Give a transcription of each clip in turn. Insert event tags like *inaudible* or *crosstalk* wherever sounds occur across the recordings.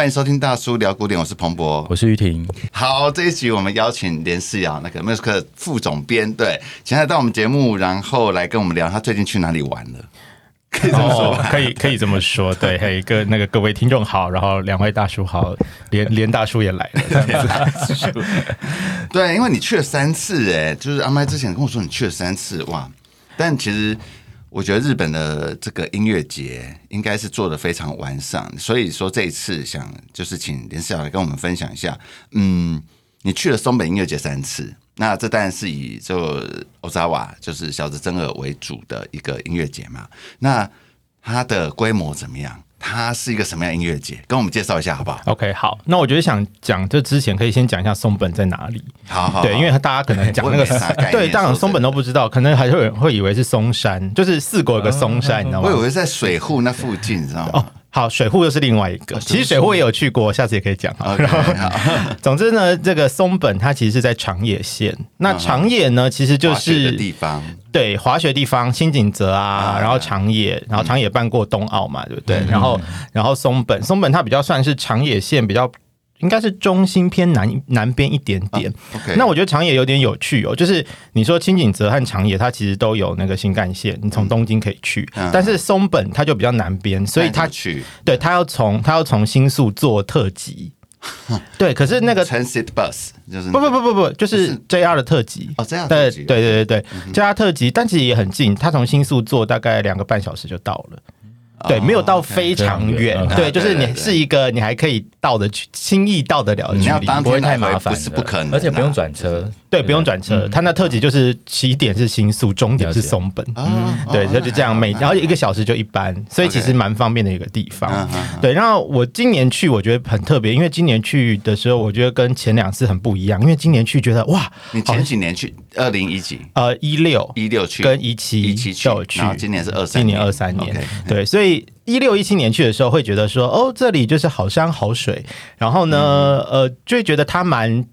歡迎收聽大叔聊古典，我是彭博，我是玉婷。好，這一集我們邀請連士堯，那個 MUZIK 副總編，對，現在到我們節目，然後來跟我們聊，他最近去哪裡玩了？可以這麼說。哦，可以可以這麼說，對。一個，那個，各位聽眾好，然後兩位大叔好，連連大叔也來了。 *laughs* 大叔 *laughs* 對，因為你去了三次，哎，就是阿麥之前跟我說你去了三次，哇，但其實。我覺得日本的這個音樂節應該是做的非常完善，所以說這一次想就是請連士堯來跟我們分享一下。嗯，你去了松本音樂節三次，那這當然是以就 Ozawa 就是小澤征爾為主的一個音樂節嘛，那它的規模怎麼樣？它是一個什麼樣的音樂節？跟我們介紹一下好不好？OK，好，那我覺得想講，就之前可以先講一下松本在哪裡。好，好好，對，因為大家可能講那個山， *laughs* 對，當然松本都不知道，可能還會會以為是松山，就是四國有個松山，啊、你知道嗎？我以為是在水戶那附近，你知道嗎？好，水戶又是另外一個，其實水戶也有去過，哦是是，下次也可以講。好，okay, 好 *laughs* 總之呢，這個松本它其實是在長野縣，那長野呢其實就是滑雪地方，對，滑雪地方，新井澤啊，啊，然後長野，然後長野辦過冬奧嘛，嗯，對不對？然後，然後松本，松本它比較算是長野縣比較應該是中心偏南，南邊一點點。Uh, okay. 那我覺得長野有點有趣哦，就是你說輕井澤和長野，它其實都有那個新幹線，你從東京可以去。Uh -huh. 但是松本它就比較南邊，所以他去，uh -huh. 對，他要從他要從新宿坐特急， *laughs* 對，可是那個 Transit bus 就是不不不不不，就是 JR 的特急哦，這樣。對對對對 JR、uh -huh. 特急，但其實也很近，他從新宿坐大概兩個半小時就到了。對，oh, okay, 沒有到非常遠，對，就是你是一個，你還可以到的去，輕易到得了的距離，不會太麻煩，不是不可能，啊，而且不用轉車。對，不用轉車，他、嗯、那特急就是起點是新宿，終點是松本，嗯、對，他、嗯、就這樣每，而且一個小時就一班，嗯、所以其實蠻方便的一個地方。Okay. 對，然後我今年去，我覺得很特別，因為今年去的時候，我覺得跟前兩次很不一樣，因為今年去覺得哇，你前幾年去，二零一幾，呃，一六一六去，跟一七一七去，然後今年是二三，今年二三年，Okay. 對，所以一六一七年去的時候會覺得說，哦，這裡就是好山好水，然後呢，嗯、呃，就會覺得它蠻。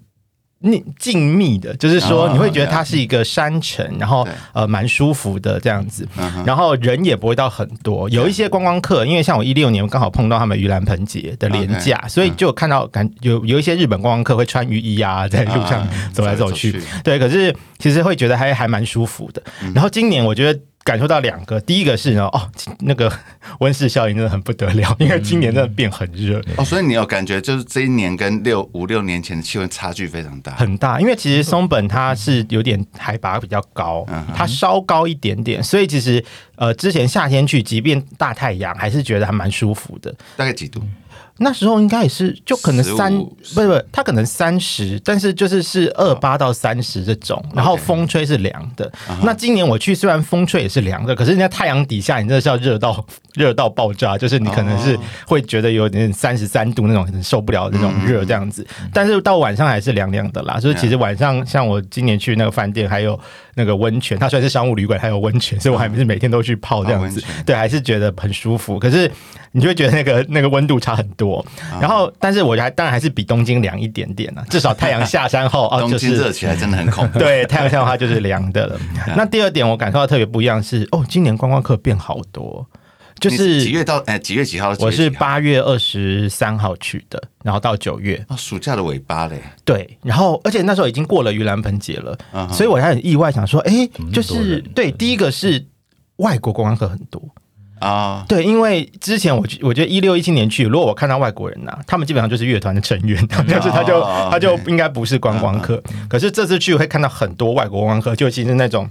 那靜謐的，就是說你會覺得它是一個山城，Oh, okay. 然後呃蠻舒服的這樣子，然後人也不會到很多。Uh -huh. 有一些觀光客，因為像我一六年剛好碰到他們盂蘭盆節的連假，Okay. 所以就看到感有有一些日本觀光客會穿浴衣啊在路上走來走去。Uh -huh. 對，可是其實會覺得還還蠻舒服的。然後今年我覺得。感受到兩個，第一個是呢，哦，那個溫室效應真的很不得了，因為今年真的變很熱，嗯、哦，所以你有感覺就是這一年跟六五六年前的氣溫差距非常大，很大，因為其實松本它是有點海拔比較高，嗯，它稍高一點點，所以其實呃之前夏天去即便大太陽還是覺得還蠻舒服的，大概幾度？嗯那時候應該也是，就可能三不是不，他可能三十，但是就是是二八到三十這種，oh, okay. uh -huh. 然後風吹是涼的。那今年我去，雖然風吹也是涼的，可是人家太陽底下，你真的是要熱到熱到爆炸，就是你可能是會覺得有點三十三度那種很受不了那種熱這樣子。Oh. 但是到晚上還是涼涼的啦。Mm -hmm. 所以其實晚上像我今年去那個飯店，還有那個溫泉，它雖然是商務旅館，它還有溫泉，所以我還是每天都去泡這樣子，oh, 對，還是覺得很舒服。可是你就會覺得那個那個溫度差很多。我、嗯，然後，但是我覺得還當然還是比東京涼一點點、啊、至少太陽下山後， *laughs* 東京熱起來真的很恐怖。 *laughs* 對，太陽下山的話就是涼的了。 *laughs* 那第二點我感受到特別不一樣是，哦，今年觀光客變好多，就是幾月到呃、欸、幾，幾，幾月幾號？我是八月二十三號去的，然後到九月啊、哦，暑假的尾巴嘞。對，然後而且那時候已經過了盂蘭盆節了、嗯，所以我還很意外，想說，哎、欸，就是麼麼對，第一個是外國觀光客很多。啊、oh.，對，因為之前我我覺得一六一七年去，如果我看到外國人吶、啊，他們基本上就是樂團的成員，但是他就、oh, okay. 他就應該不是觀光客。Okay. Um, um. 可是這次去我會看到很多外國觀光客，就其實那種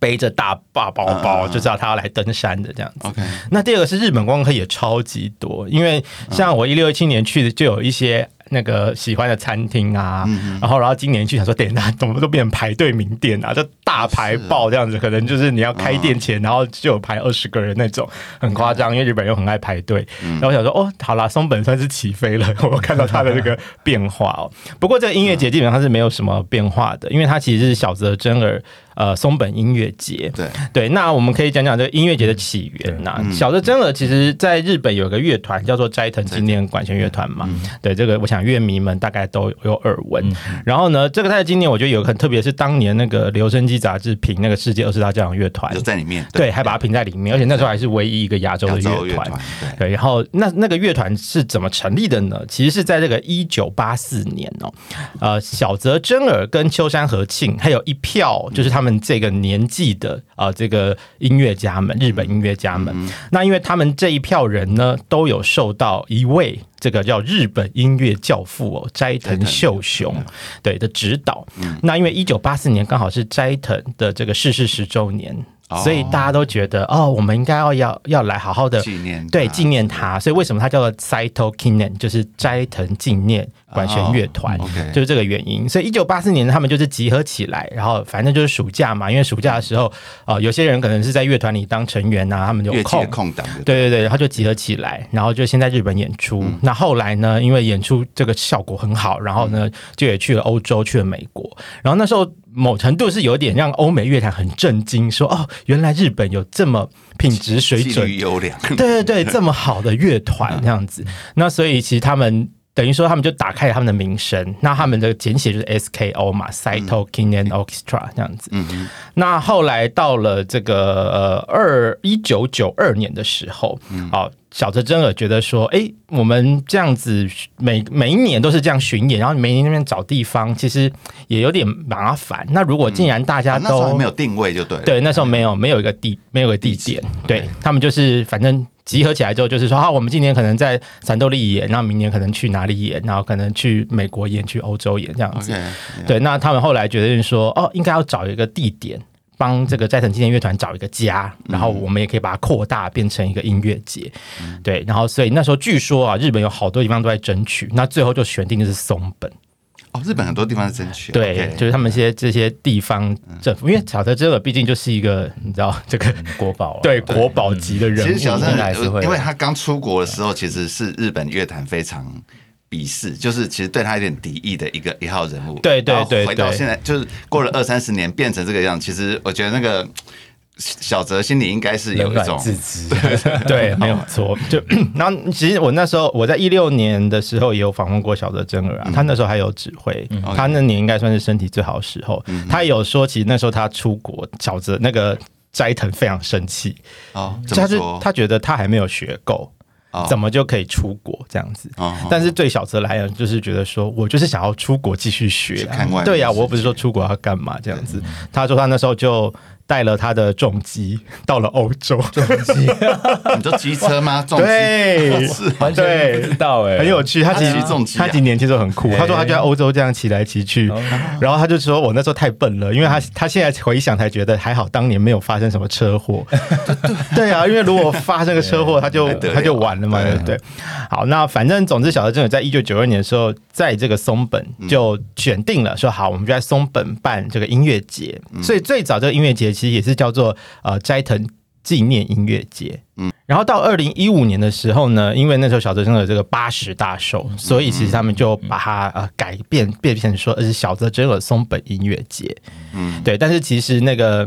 背着大大包包，uh, um. 就知道他要來登山的這樣子。Okay. 那第二個是日本觀光客也超級多，因為像我一六一七年去的，就有一些那個喜歡的餐廳啊，um, um. 然後然後今年去想說點那，怎麼都變成排隊名店啊，就。大排爆，這樣子，可能就是你要開店前，然後就有排二十個人那種，很誇張，因為日本人又很愛排隊、嗯。然後我想說，哦，好了，松本算是起飛了，我看到他的這個變化哦。 *laughs* 不過這個音樂節基本上是沒有什麼變化的，因為它其實是小澤征爾呃松本音樂節。對對，那我們可以講講這個音樂節的起源吶、啊。小澤征爾其實在日本有個樂團叫做齋藤紀念管弦樂團嘛，對。對，這個我想樂迷們大概都有耳聞、嗯。然後呢，這個他的紀念我覺得有一個很特別，是當年那個留聲機。雜誌評那個世界二十大交響樂團就在裡面，對，對還把它評在裡面，而且那時候還是唯一一個亞洲的樂團。對，然後那那個樂團是怎麼成立的呢？其實是在這個一九八四年哦，呃，小澤征爾跟秋山和慶還有一票，就是他們這個年紀的啊、呃，這個音樂家們，日本音樂家們、嗯。那因為他們這一票人呢，都有受到一位。這個叫日本音樂教父哦，齋藤秀雄對，對的指導。嗯、那因為一九八四年剛好是齋藤的這個逝世十周年。所以大家都覺得哦，哦，我們應該要要要來好好的紀念，對，紀念他。所以為什麼他叫做 Saito Kinen 就是齋藤紀念管弦樂團，就是這個原因。嗯 okay，所以一九八四年他們就是集合起來，然後反正就是暑假嘛，因為暑假的時候呃，有些人可能是在樂團裡當成員吶、啊，他們就的空，空檔，對對對，他就集合起來，然後就先在日本演出。那、嗯、後後來呢，因為演出這個效果很好，然後呢，嗯、就也去了歐洲，去了美國。然後那時候某程度是有點讓歐美樂壇很震驚，說哦。原來日本有這麼品質水準，對對對，這麼好的樂團這樣子， *laughs* 那所以其實他們等於說他們就打開了他們的名聲，那他們的簡寫就是 S K O 嘛、嗯、，Saito Kinen Orchestra 這樣子、嗯。那後來到了這個呃二一九九二年的時候，啊、嗯哦小澤征爾覺得說：“哎、欸，我們這樣子每每一年都是這樣巡演，然後每年那邊找地方，其實也有點麻煩。那如果既然大家都、嗯啊、那時候沒有定位，就對對，那時候沒有沒有一個地沒有個地點，地對他們就是反正集合起來之後就是說，啊、嗯哦，我們今年可能在三得利演，然後明年可能去哪裡演，然後可能去美國演，去歐洲演這樣子。Okay, yeah. 對，那他們後來決定說，哦，應該要找一個地點。”幫這個齋藤紀念樂團找一個家，然後我們也可以把它擴大變成一個音樂節、嗯，對。然後，所以那時候據說啊，日本有好多地方都在爭取，那最後就選定的是松本。哦，日本很多地方在爭取，對，okay, 就是他們一些這些地方政府，嗯、因為小澤征爾畢竟就是一個你知道這個、嗯、國寶、啊，對，國寶級的人物。其實小澤還是會來，因為他剛出國的時候，其實是日本樂壇非常。鄙視就是其實對他有點敵意的一個一號人物，對對對，對，回到現在就是過了二三十年變成這個樣，嗯、其實我覺得那個小澤心裡應該是有一種自知、啊， *laughs* 對，沒錯。 *laughs* 就然後其實我那時候我在一六年的時候也有訪問過小澤征爾啊、嗯，他那時候還有指揮、嗯，他那年應該算是身體最好的時候，嗯、他有說起那時候他出國，小澤那個齋藤非常生氣哦，嗯、就他是他覺得他還沒有學夠。怎麼就可以出國這樣子？Oh. Oh. 但是對小澤來講，就是覺得說我就是想要出國繼續學、啊，對呀、啊，我又不是說出國要幹嘛這樣子。他說他那時候就。帶了他的重機到了歐洲，重機？你坐機車嗎？重機。對，對。知道哎、欸，很有趣。他騎重機，他騎、啊、年輕時候很酷、欸。他說他就在歐洲這樣騎來騎去、欸，然後他就說：“我那時候太笨了，嗯、因為他他現在回想才覺得還好，當年沒有發生什麼車禍。嗯”對啊，因為如果發生個車禍、欸，他就他就完了嘛，嗯、對不對，對？好，那反正總之，小澤征爾在一九九二年的時候，在這個松本就選定了，說好，我們就在松本辦這個音樂節、嗯。所以最早這個音樂節。其實也是叫做呃齋藤紀念音樂節，嗯。然後到二零一五年的時候呢，因為那時候小澤征爾這個八十大壽，所以其實他們就把它改變，變成說，呃小澤征爾松本音樂節。嗯，對，但是其實那個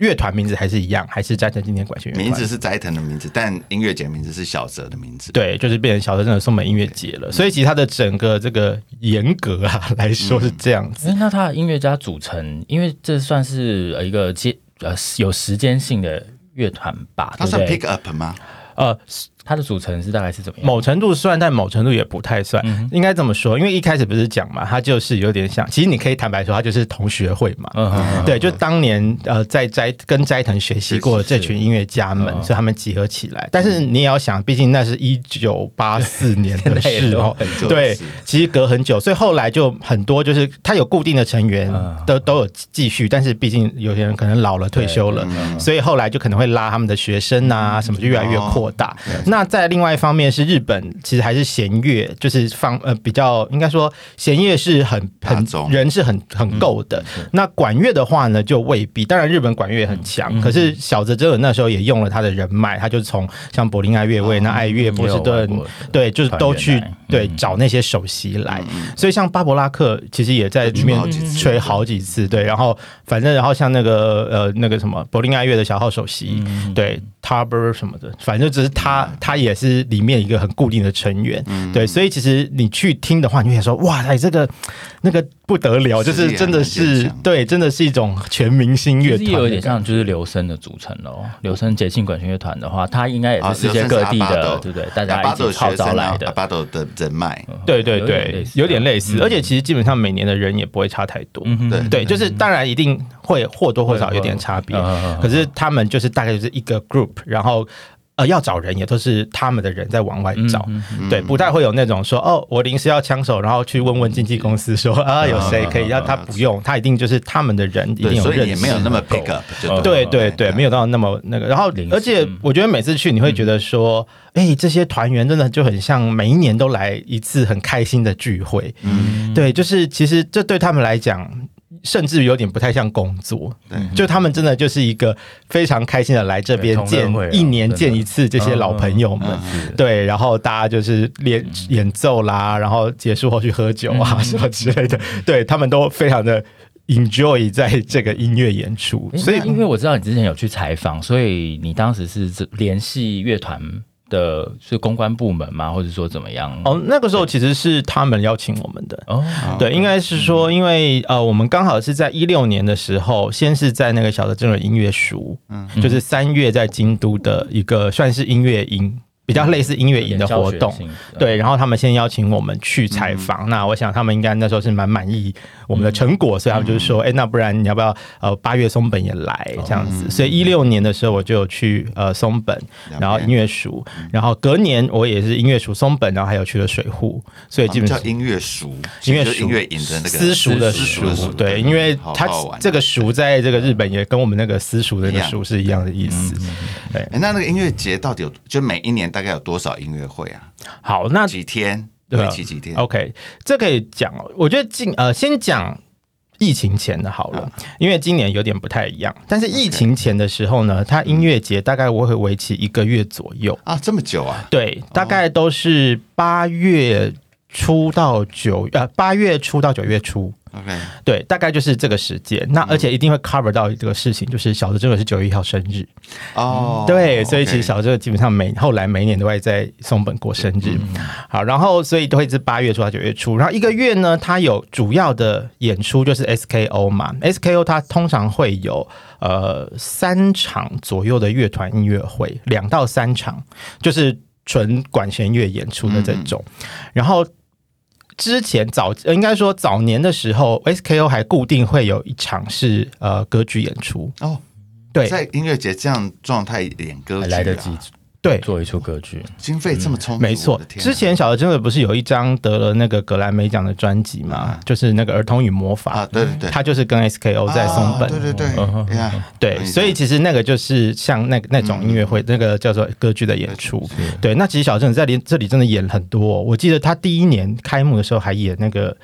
樂團名字還是一樣，還是齋藤紀念管弦樂團。名字是齋藤的名字，但音樂節名字是小澤的名字。對，就是變成小澤征爾松本音樂節了。所以其實它的整個這個嚴格啊來說是這樣子。嗯嗯、那它的音樂家組成，因為這算是呃一個接呃有時間性的。樂團吧，他算 pick up 嗎？呃。它的組成是大概是怎麼樣？某程度算，但某程度也不太算。嗯、應該這麼說，因為一開始不是講嘛，他就是有點像，其實你可以坦白說，他就是同學會嘛。嗯、哼哼哼哼對，就當年呃，在齋跟齋藤學習過的這群音樂家們是是，所以他們集合起來。嗯、但是你也要想，畢竟那是一九八四年的時候。對，其實隔很久，所以後來就很多，就是他有固定的成員，嗯、都都有繼續。但是畢竟有些人可能老了退休了、嗯，所以後來就可能會拉他們的學生啊、嗯、什麼，就越來越擴大。哦那那在另外一方面，是日本其實還是弦樂，就是方呃比較應該說弦樂是很很人是很很夠的。那管樂的話呢，就未必。當然，日本管樂很強、嗯，可是小澤征爾那時候也用了他的人脈、嗯，他就從像柏林愛樂、維也納愛樂、波士頓，對，就是都去對，對找那些首席來、嗯所嗯首席來嗯。所以像巴伯拉克其實也在裡面，裡面好、嗯、吹好幾次，對。然後反正然後像那個呃那個什麼柏林愛樂的小號首席，對。嗯對 t u b e r 什麼的，反正只是他，他也是裡面一個很固定的成員。嗯嗯對，所以其實你去聽的話，你會想說哇，哎，這個那個不得了，是啊、就是真的是對，真的是一種全明星樂團，也有點像就是琉森的組成嘍。琉森節慶管弦樂團的話，它應該也是世界各地的，啊、對不對？大家一起號召來的，巴多，巴多的人脈，對對對有有，有點類似。而且其實基本上每年的人也不會差太多，嗯、對對，就是當然一定會或多或少有點差別、嗯嗯，可是他們就是大概就是一個 group。然後，呃，要找人也都是他們的人在往外找，嗯嗯嗯對，不太會有那種說哦，我臨時要槍手，然後去問問經紀公司說嗯嗯嗯嗯啊，有誰可以要他不用，嗯嗯嗯嗯他一定就是他們的人，一定有認識，也沒有那麼 pick up，對對對，對對對嗯嗯沒有到那麼那個。然後，而且我覺得每次去，你會覺得說，哎，這些團員真的就很像每一年都來一次很開心的聚會，嗯嗯嗯對，就是其實這對他們來講。甚至有點不太像工作，對，就他們真的就是一個非常開心的來這邊見、嗯，一年見一次這些老朋友們，嗯、對，然後大家就是練演奏啦，然後結束後去喝酒啊、嗯、什麼之類的，對，他們都非常的 enjoy 在這個音樂演出。所以，因為我知道你之前有去採訪，所以你當時是聯繫樂團的是公關部門嗎？或者說怎麼樣？哦、oh, 那個時候其實是他們邀請我們的。哦，oh, okay. 對，應該是說，因為呃，我們剛好是在一六年的時候，先是在那個小的這種音樂塾，嗯、mm -hmm.，就是三月在京都的一個算是音樂營，比較類似音樂營的活動、mm -hmm.。對，然後他們先邀請我們去採訪，mm -hmm. 那我想他們應該那時候是蠻滿意我們的成果，所以他們就是說，哎、嗯欸，那不然你要不要？呃，八月松本也來這樣子。哦嗯、所以一六年的時候，我就有去呃松本，然後音樂塾，然後隔年我也是音樂塾松本，然後還有去了水戶，所以基本上音樂塾，音樂塾音樂引的私、私塾的塾，私塾的塾，對，對，因為他這個塾在這個日本也跟我們那個私塾那個塾是一樣的意思。嗯、對、欸，那那個音樂節到底有就每一年大概有多少音樂會啊？好，那幾天？為期幾天、uh,？OK，這可以講哦。我覺得今呃，先講疫情前的好了、啊，因為今年有點不太一樣。但是疫情前的時候呢，okay. 它音樂節大概我會維持一個月左右啊，這麼久啊？對，大概都是八月初到九、哦、呃，八月初到九月初。Okay. 對，大概就是這個時間。那而且一定會 cover 到這個事情，就是小澤這個是九月一號生日哦。Oh, okay. 對，所以其實小澤這個基本上每後來每年都會在松本過生日。好，然後所以都會是八月初到九月初。然後一個月呢，他有主要的演出就是 SKO 嘛，SKO 他通常會有呃三場左右的樂團音樂會，兩到三場，就是純管弦樂演出的這種。Mm -hmm. 然後之前早，應該說早年的時候，S K O 還固定會有一場是呃歌劇演出哦，oh, 對，在音樂節這樣狀態演歌劇、啊、還來得及。對，做一出歌劇、哦，經費這麼充足、嗯，沒錯、啊。之前小澤征爾不是有一張得了那個格萊美獎的專輯嘛？就是那個《兒童與魔法》啊、對對他就是跟 SKO 在松本，啊、對對對，啊、對，對，對、啊啊對嗯。所以其實那個就是像那那種音樂會、嗯，那個叫做歌劇的演出。嗯、對，對，對，那其實小澤征爾在連這裡真的演很多、哦。我記得他第一年開幕的時候還演那個。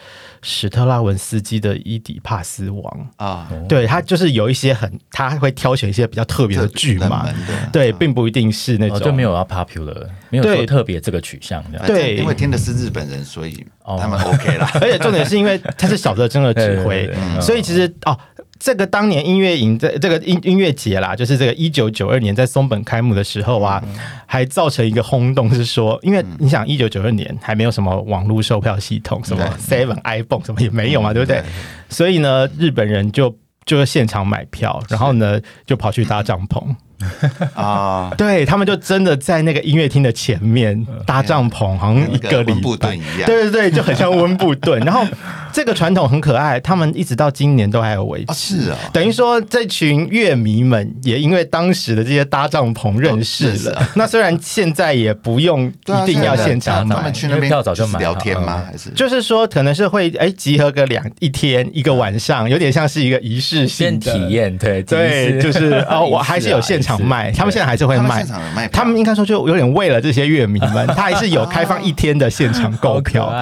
史特拉文斯基的《伊底帕斯王》啊、oh.，對他就是有一些很，他會挑選一些比較特別的劇嘛，對，啊、對，並不一定是那種、oh, 就沒有要 popular，沒有說特別這個取向對，對，因為聽的是日本人，所以他們 OK 了，oh. *laughs* 而且重點是因為他是小澤征爾指揮 *laughs* 對對對對，所以其實哦。Oh. Oh. 這個當年音樂營這這個音音樂節啦，就是這個一九九二年在松本開幕的時候啊，嗯、還造成一個轟動，是說，因為你想一九九二年還沒有什麼網絡售票系統，嗯、什麼 Seven iPhone 什麼也沒有嘛，對，對不對，對，對，對？所以呢，日本人就就是現場買票，然後呢就跑去搭帳篷。 *laughs* 啊、 *laughs* uh,，對他們就真的在那個音樂廳的前面搭帳篷、嗯，好像一個禮布頓一樣。對對對，就很像溫布頓。 *laughs* 然後這個傳統很可愛，他們一直到今年都還有維持。哦、是啊、哦，等於說這群樂迷們也因為當時的這些搭帳篷認識了、哦是是啊。那雖然現在也不用一定要現場買、啊、現他們去那邊票早就買好了聊天嗎？嗯嗯、還是就是說可能是會哎、欸、集合個兩一天一個晚上，有點像是一個儀式性先體驗。對對，就是 *laughs* 哦，我還是有現場。賣，他們現在還是會賣。現場賣、啊、他們應該說就有點為了這些樂迷、 *laughs* 迷們，他還是有開放一天的現場購票。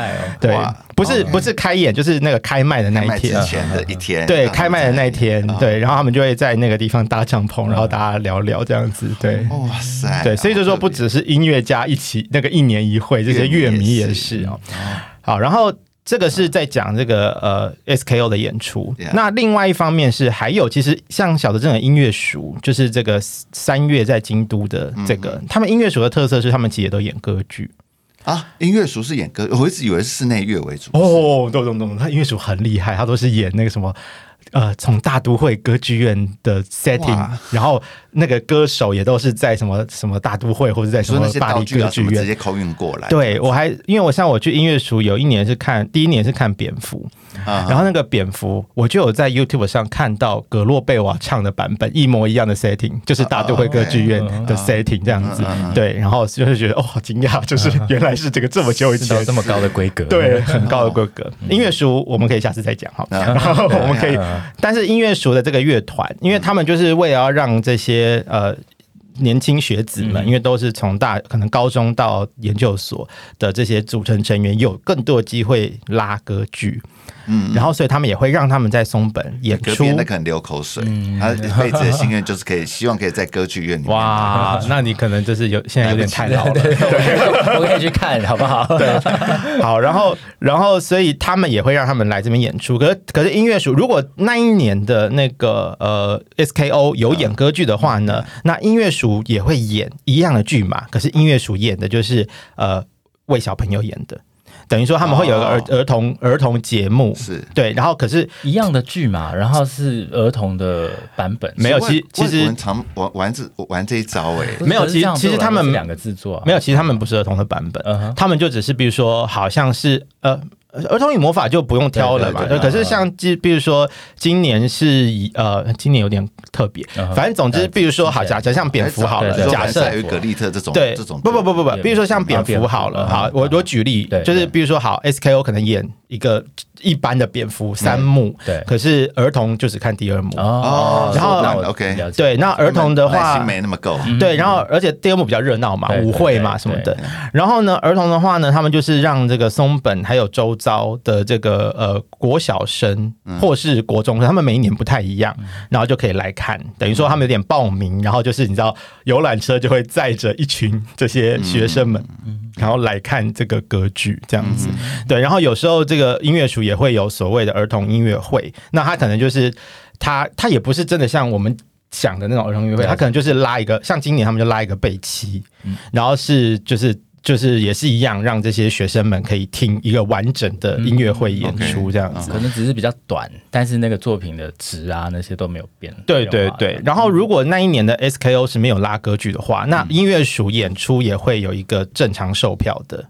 對，不是不是開演，就是那個開賣的那一天。前的一天。對，開賣的那一天，對，然後他們就會在那個地方搭帳篷，然後大家聊聊這樣子。對，哇塞，對，所以就說不只是音樂家一起，那個一年一會，這些樂迷也是哦。好，然後。這個是在講這個呃 S K O 的演出，嗯，那另外一方面是還有其實像小澤征爾的音樂塾，就是這個三月在京都的這個，嗯、他們音樂塾的特色是他們其實都演歌劇啊，音樂塾是演歌，我一直以為是室內樂為主哦，懂懂懂，他音樂塾很厲害，他都是演那個什麼呃，從大都會歌劇院的 setting，然後。那個歌手也都是在什麼什麼大都會，或者在什麼巴黎歌劇院直接空運過來。對，我還因為我像我去音樂塾，有一年是看第一年是看蝙蝠，然後那個蝙蝠我就有在 YouTube 上看到格洛貝瓦唱的版本，一模一樣的 setting，就是大都會歌劇院的 setting 這樣子。對，然後就是覺得哦，好驚訝，就是原來是這個這麼久以前這麼高的規格，對，很高的規格。音樂塾我們可以下次再講好。然後我們可以，但是音樂塾的這個樂團，因為他們就是為了要讓這些。些呃年輕學子們，因為都是從大可能高中到研究所的這些組成成員，有更多機會拉歌劇。嗯，嗯，然後所以他們也會讓他們在松本演出，那個人流口水，嗯，他一輩子的心願就是可以，希望可以在歌劇院裡面哇，哇，那你可能就是有現在有點太老了，我可以去看，好不好？ *laughs* 好，然後然後所以他們也會讓他們來這邊演出。可是可是音樂署如果那一年的那個呃 S K O 有演歌劇的話呢，那音樂署也會演一樣的劇嘛？可是音樂署演的就是呃為小朋友演的。等於說他們會有一個兒、oh, 兒童兒童節目是對，然後可是一樣的劇嘛，然後是兒童的版本。沒有，其實其實我們常玩玩這玩這一招哎，沒有，其實其實他們兩個製作，啊、沒有，其實他們不是兒童的版本，uh-huh、他們就只是比如說好像是呃。兒童與魔法就不用挑了嘛，對對對對，嗯、可是像，就比如說今年是、嗯，呃，今年有點特別、嗯，反正總之，比如說，好假假設像蝙蝠好了，對對對，假設還有葛麗特這種，對，對，對，這種不不不不不，比如說像蝙蝠好了，對對對，好，我我舉例，對對對，就是比如說好，S K O 可能演。一個一般的蝙蝠三幕，對、嗯，可是兒童就只看第二幕、嗯、哦。然後 OK，對，那兒童的話耐心沒那麼夠、啊嗯，對。然後而且第二幕比較熱鬧嘛，舞會嘛什麼的對對對對對。然後呢，兒童的話呢，他們就是讓這個松本還有周遭的這個呃國小生或是國中生，生、嗯，他們每一年不太一樣，然後就可以來看。嗯、等於說他們有點報名，然後就是你知道遊覽車就會載着一群這些學生們，嗯、然後來看這個歌劇這樣子、嗯。對，然後有時候這個。這個音樂署也會有所謂的兒童音樂會，那他可能就是他他也不是真的像我們講的那種兒童音樂會，他可能就是拉一個像今年他們就拉一個貝七、嗯，然後是就是就是也是一樣，讓這些學生們可以聽一個完整的音樂會演出這樣子、嗯 okay, 嗯，可能只是比較短，但是那個作品的值啊那些都沒有變。對對對、嗯，然後如果那一年的 SKO 是沒有拉歌劇的話，那音樂署演出也會有一個正常售票的，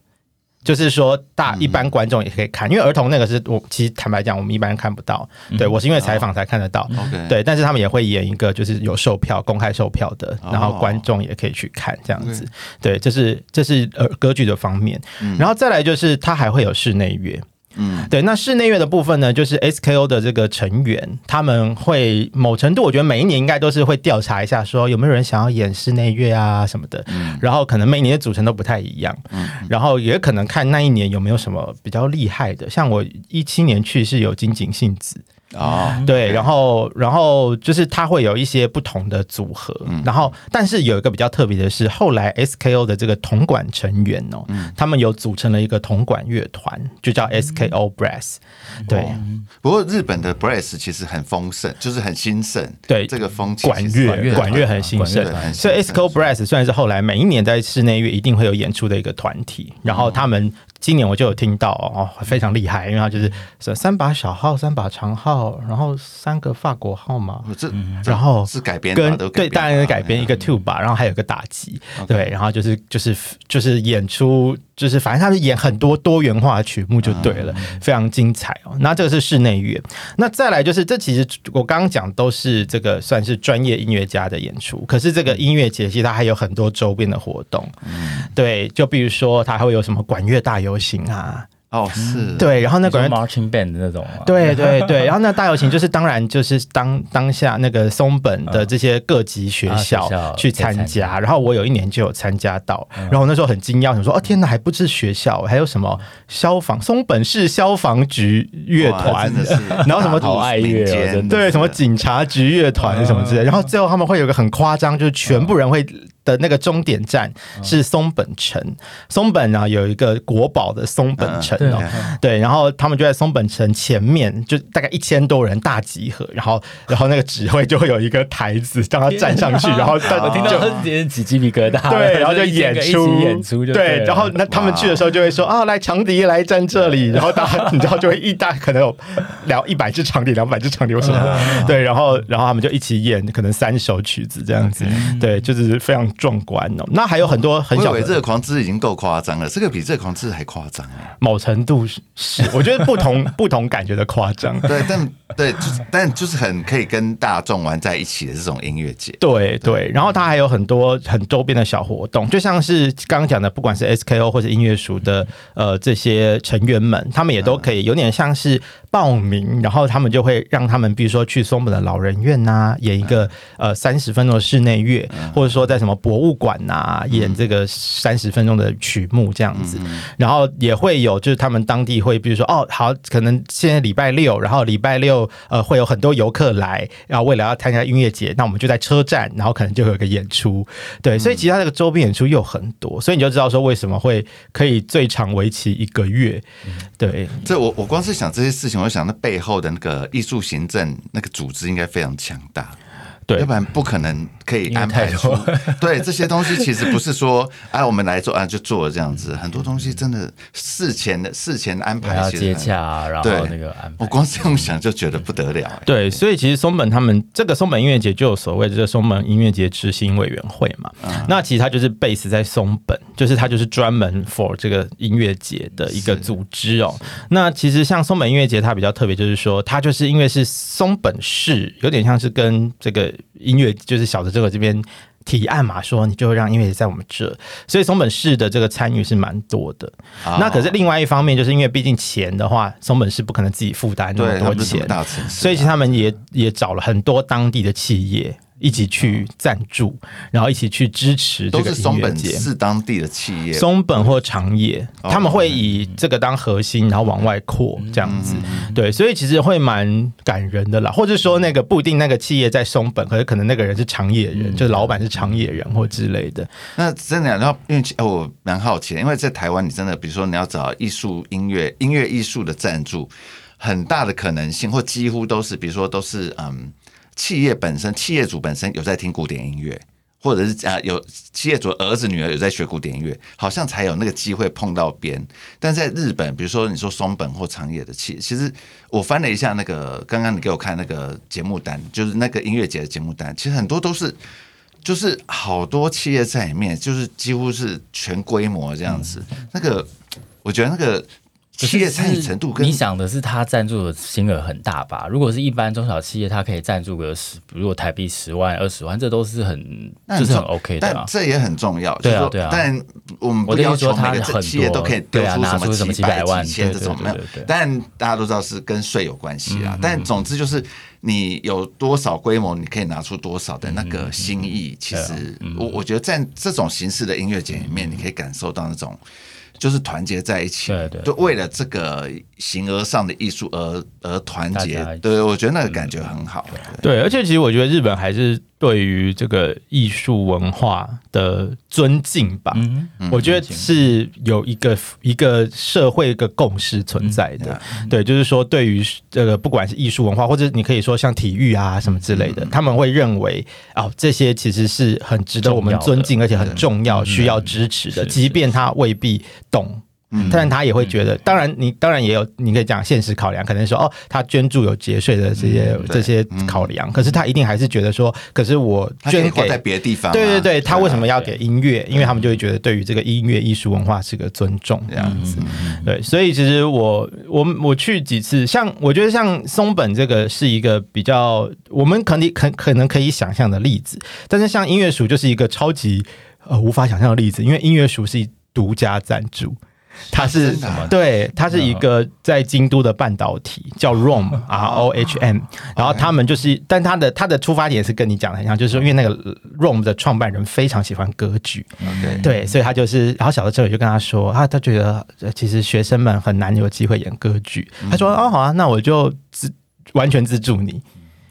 就是說，大一般觀眾也可以看，因為兒童那個是我其實坦白講，我們一般人看不到。嗯、對我是因為採訪才看得到、哦 okay。對，但是他們也會演一個，就是有售票、公開售票的，然後觀眾也可以去看、哦、這樣子。對，對這是這是呃歌劇的方面、嗯，然後再來就是它還會有室內樂。嗯，對，那室內樂的部分呢，就是 S K O 的這個成員，他們會某程度，我覺得每一年應該都是會調查一下，說有沒有人想要演室內樂啊什麼的，嗯、然後可能每一年的組成都不太一樣、嗯，然後也可能看那一年有沒有什麼比較厲害的，像我一七年去是有金井幸子。哦、oh, okay.，對，然後，然後就是他會有一些不同的組合、嗯，然後，但是有一個比較特別的是，後來 S K O 的這個銅管成員哦、嗯，他們有組成了一個銅管樂團，就叫 S K O、嗯、Brass 對。對、哦，不過日本的 Brass 其實很豐盛，就是很興盛、嗯、就是、盛。對，這個風管樂，管樂很興盛、啊、盛，所以 S K O Brass 算是後來每一年在室內樂一定會有演出的一個團體。嗯、然後他們、嗯、今年我就有聽到哦，非常厲害，因為他就是說三把小號，三把長號。哦、然後三個法國號嘛，這，這、嗯、然後這是改編的、啊，跟、啊、對，當然的改編一個 tuba 吧、嗯，然後還有個打擊、嗯，對，然後就是就是就是演出，就是反正他是演很多多元化的曲目就對了，嗯、非常精彩哦、嗯。那這個是室內樂，那再來就是這其實我剛剛講都是這個算是專業音樂家的演出，可是這個音樂節其實它還有很多周邊的活動，嗯、對，就比如說它還會有什麼管樂大遊行啊。哦，是對，然後那個人 marching band 的那種、啊，對對對，對， *laughs* 然後那大遊行就是當然就是當當下那個松本的這些各級學校去參加，嗯啊、參加然後我有一年就有參加到，嗯、然後那時候很驚訝，想說哦天哪，還不止學校，還有什麼消防松本市消防局樂團，然後什麼土愛樂、哦，對什麼警察局樂團什麼之類的、嗯，然後最後他們會有一個很誇張，就是全部人會。嗯的那個終點站是松本城，松本呢、啊、有一個國寶的松本城哦，對，然後他們就在松本城前面，就大概一千多人大集合，然後然後那個指揮就會有一個台子讓他站上去，然後站聽到自己起雞皮疙瘩，對，然後就演出演出對，然後那他們去的時候就會說啊來長笛來站這裡，然後大家你知道就會一大可能有兩一百支長笛兩百支長笛有什麼，對，然後然後他們就一起演可能三首曲子這樣子，對，就是非常。壯觀哦、喔，那還有很多很小的我 *laughs* 的、哦。我以為這個狂之日已經夠誇張了，這個比這個狂之日還誇張啊！某程度是，是，我覺得不同 *laughs* 不同感覺的誇張、 *laughs* 嗯。對，但。對，就是但就是很可以跟大眾玩在一起的這種音樂節。對對，然後它還有很多很周邊的小活動，就像是剛剛講的，不管是 SKO 或是音樂塾的呃這些成員們，他們也都可以有點像是報名，然後他們就會讓他們比如說去松本的老人院吶、啊、演一個呃三十分鐘的室內樂，或者說在什麼博物館吶、啊、演這個三十分鐘的曲目這樣子，然後也會有就是他們當地會比如說哦好，可能現在禮拜六，然後禮拜六。呃，會有很多遊客來，然後為了要參加音樂節，那我們就在車站，然後可能就會有一個演出。對，所以其他它那個周邊演出又很多，嗯，所以你就知道說為什麼會可以最長為期一個月。對，嗯、這我我光是想這些事情，我想那背後的那個藝術行政那個組織應該非常強大。對，要不然不可能可以安排對這些東西，其實不是說哎、 *laughs* 啊、我們來做啊，就做這樣子，很多東西真的事前的事前的安排要接洽、啊，然後那個安排。我光是這樣想就覺得不得了、嗯。對，所以其實松本他們這個松本音樂節就有所謂的就松本音樂節執行委員會嘛、嗯，那其實它就是 base 在松本，就是它就是專門 for 這個音樂節的一個組織哦。那其實像松本音樂節，它比較特別就是說，它就是因為是松本市，有點像是跟這個。音樂就是小的這個這邊提案嘛，說你就會讓音樂在我們這，所以松本市的這個參與是蠻多的。Oh. 那可是另外一方面，就是因為畢竟錢的話，松本市不可能自己負擔那麼多錢麼、啊，所以其實他們也也找了很多當地的企業。一起去贊助、嗯，然後一起去支持這個，都是松本市當地的企業，松本或長野，嗯、他們會以這個當核心，嗯、然後往外擴這樣子、嗯嗯，對，所以其實會蠻感人的啦。嗯、或者說，那個不一定那個企業在松本，可是可能那個人是長野人，嗯、就老闆是長野人或之類的。那真的要，因為、呃、我蠻好奇的，因為在台灣，你真的比如說你要找藝術、音樂、音樂藝術的贊助，很大的可能性或幾乎都是，比如說都是嗯。企業本身，企業主本身有在聽古典音樂，或者是啊，有企業主的兒子女兒有在學古典音樂，好像才有那個機會碰到邊。但在日本，比如說你說松本或長野的企，其實我翻了一下那個剛剛你給我看那個節目單，就是那個音樂節的節目單，其實很多都是就是好多企業在裡面，就是幾乎是全規模這樣子。那個我覺得那個。企業參與程度跟你想的是他贊助的金額很大吧？如果是一般中小企業，他可以贊助個十，如果台幣十萬、二十萬，這都是很，很就是很 OK 的。啊。但這也很重要。對啊對啊，但我們不要求他的企業都可以拿出什麼幾百萬、千這種，但大家都知道是跟稅有關係啊。嗯嗯嗯，但總之就是你有多少規模，你可以拿出多少的那個心意。對啊對啊，其實我我覺得，在這種形式的音樂節裡面，你可以感受到那種。就是團結在一起，對對，就為了這個。形而上的藝術而而團結，對，我覺得那個感覺很好對。對，而且其實我覺得日本還是對於這個藝術文化的尊敬吧、嗯，我覺得是有一個、嗯、一個社會一個共識存在的。嗯嗯、對，就是說對於這個不管是藝術文化，或者你可以說像體育啊什麼之類的，嗯、他們會認為啊、哦、這些其實是很值得我們尊敬，而且很重要，需要支持的，即便他未必懂。但，他也會覺得。當然，你當然也有，你可以講現實考量，可能說哦，他捐助，有節稅的這些這些考量。可是他一定還是覺得說，可是我捐給別的地方。對對對，他為什麼要給音樂？因為他們就會覺得，對於這個音樂藝術文化是個尊重這樣子。對，所以其實我我我，我去幾次，像我覺得像松本這個是一個比較我們肯定可可能可以想象的例子。但是像音樂署就是一個超級呃無法想象的例子，因為音樂署是獨家贊助。他是什麼？對，他是一個在京都的半導體叫 ROM *laughs* R O H M， *laughs* 然後他們就是，但他的他的出發點是跟你講的一樣，就是說因為那個 ROM 的創辦人非常喜歡歌劇、okay.，對，所以他就是，然後小澤我就跟他說，他他覺得其實學生們很難有機會演歌劇，他說哦，好啊，那我就資完全資助你，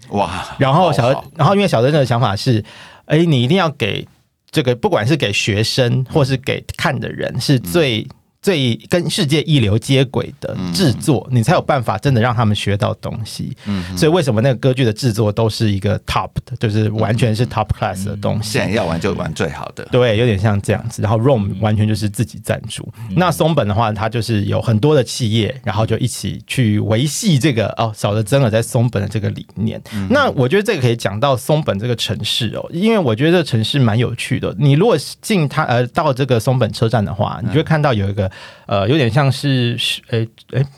哇！然後小澤然後因為小澤的那個想法是，誒，你一定要給這個，不管是給學生或是給看的人，是最。所以跟世界一流接軌的製作，你才有辦法真的讓他們學到東西。嗯、所以為什麼那個歌劇的製作都是一個 top 的，就是完全是 top class 的東西、嗯。現在要玩就玩最好的。對，有點像這樣子。然後 Rome 完全就是自己贊助、嗯。那松本的話，它就是有很多的企業，然後就一起去維繫這個哦，小澤征爾在松本的這個理念。嗯、那我覺得這個可以講到松本這個城市哦，因為我覺得這個城市蠻有趣的。你如果進它呃到這個松本車站的話，你就會看到有一個。呃，有點像是，呃，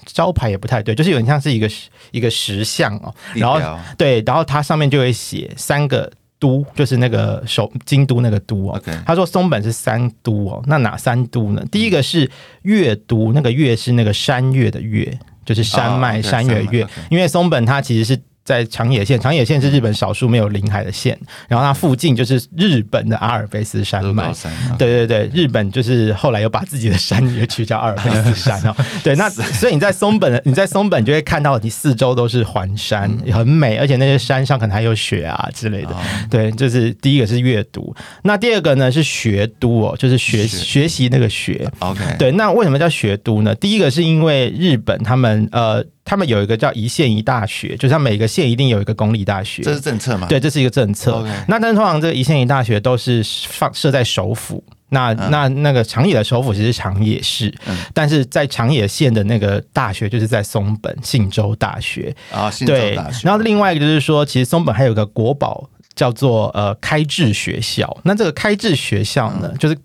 招牌也不太對，就是有點像是一個一個石像哦。然後、哦，對，然後它上面就會寫三個都，就是那個首京都那個都哦。他、嗯、說松本是三都哦，那哪三都呢？第一個是岳都，那個岳是那個山岳的岳，就是山脈山岳的岳。哦、okay, 因為松本他其實是，在長野縣，長野縣是日本少數沒有臨海的縣。然後它附近就是日本的阿爾卑斯山脈。對對對，日本就是後來又把自己的山也取叫阿爾卑斯山哦。 *laughs* 對，那所以你在松本，你在松本就會看到你四周都是環山、嗯，很美，而且那些山上可能還有雪啊之類的。哦、對，就是第一個是樂都，那第二個呢是學都哦，就是學是學習那個學。OK。對，那為什麼叫學都呢？第一個是因為日本他們呃。他們有一個叫“一縣一大學”，就是每個縣一定有一個公立大學，這是政策嘛？對，這是一個政策。Okay. 那但通常這個“一縣一大學”都是放設在首府。那、嗯、那那個長野的首府其實是長野市、嗯，但是在長野縣的那個大學就是在松本信州大學啊。哦、信州大學對、嗯、然後另外一個就是說，其實松本還有一個國寶叫做呃開智學校。那這個開智學校呢，嗯、就是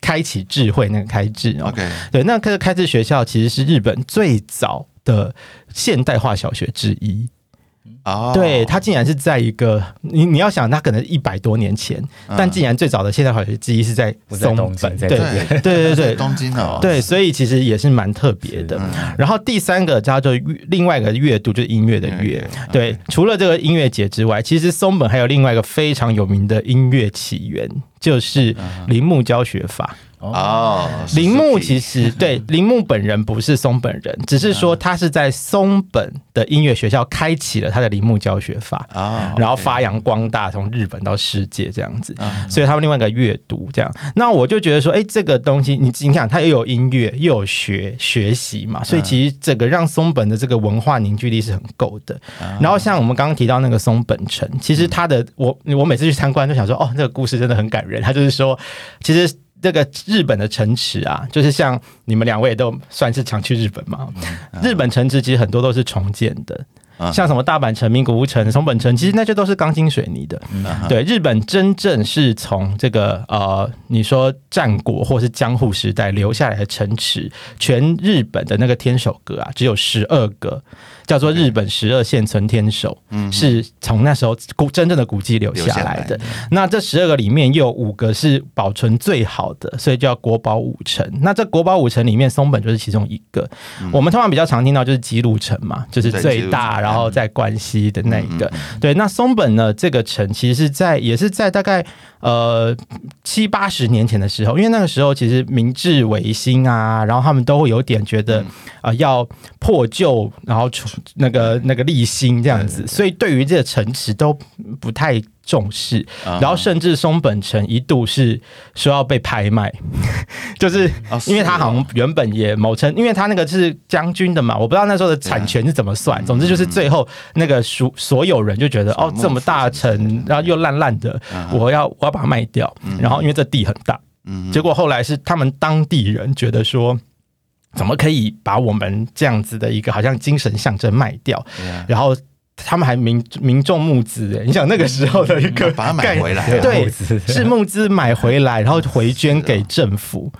開啟智慧那個開智 OK，對，那個開智學校其實是日本最早的。現代化小學之一，哦、oh,，對，它竟然是在一個你你要想，它可能一百多年前，uh, 但竟然最早的現代化小學之一是在松本，東京，對，對對對對 *laughs* 東京哦，對，所以其實也是蠻特別的。然後第三個叫做另外一個閱讀就是音樂的樂，就音樂的樂，對，okay. 除了這個音樂節之外，其實松本還有另外一個非常有名的音樂起源，就是鈴木教學法。哦，鈴木其實，對，鈴木本人不是松本人， *laughs* 只是說他是在松本的音樂學校開啟了他的鈴木教學法啊，oh, okay. 然後發揚光大，從日本到世界這樣子。Uh -huh. 所以他們另外一個閱讀這樣，那我就覺得說，哎、欸，這個東西你你想，它又有音樂又有學學習嘛，所以其實這個讓松本的這個文化凝聚力是很夠的。Uh -huh. 然後像我們剛剛提到那個松本城，其實他的、嗯、我我每次去參觀就想說，哦，那、這個故事真的很感人。他就是說，其實。這個日本的城池啊，就是像你們兩位都算是常去日本嘛。日本城池其實很多都是重建的，像什麼大阪城、名古屋城、松本城，其實那些都是鋼筋水泥的。嗯啊、對，日本真正是從這個呃，你說戰國或是江戶時代留下來的城池，全日本的那個天守閣啊，只有十二個。叫做日本十二現存天守，嗯、是從那時候古真正的古蹟留下來的。來那這十二個裡面，又有五個是保存最好的，所以叫國寶五城。那這國寶五城裡面，松本就是其中一個、嗯。我們通常比較常聽到就是姬路城嘛、嗯，就是最大，然後在關西的那一個、嗯。對，那松本呢，這個城其實是在也是在大概呃七八十年前的時候，因為那個時候其實明治維新啊，然後他們都會有點覺得啊、嗯呃、要破舊，然後。出。那個那個維新這樣子，對對對所以對於這個城池都不太重視，uh -huh. 然後甚至松本城一度是說要被拍賣，uh -huh. *laughs* 就是因為他好像原本也某城，uh -huh. 因為他那個是將軍的嘛，uh -huh. 我不知道那時候的產權是怎麼算，uh -huh. 總之就是最後那個所所有人就覺得，uh -huh. 哦這麼大城，然後又爛爛的，uh -huh. 我要我要把它賣掉，uh -huh. 然後因為這地很大，uh -huh. 結果後來是他們當地人覺得說。怎麼可以把我們這樣子的一個好像精神象徵賣掉？啊，然後他們還民民眾募資，欸，你想那個時候的一個把它買回來，對，對，啊，對啊，是募資買回來，然後回捐給政府。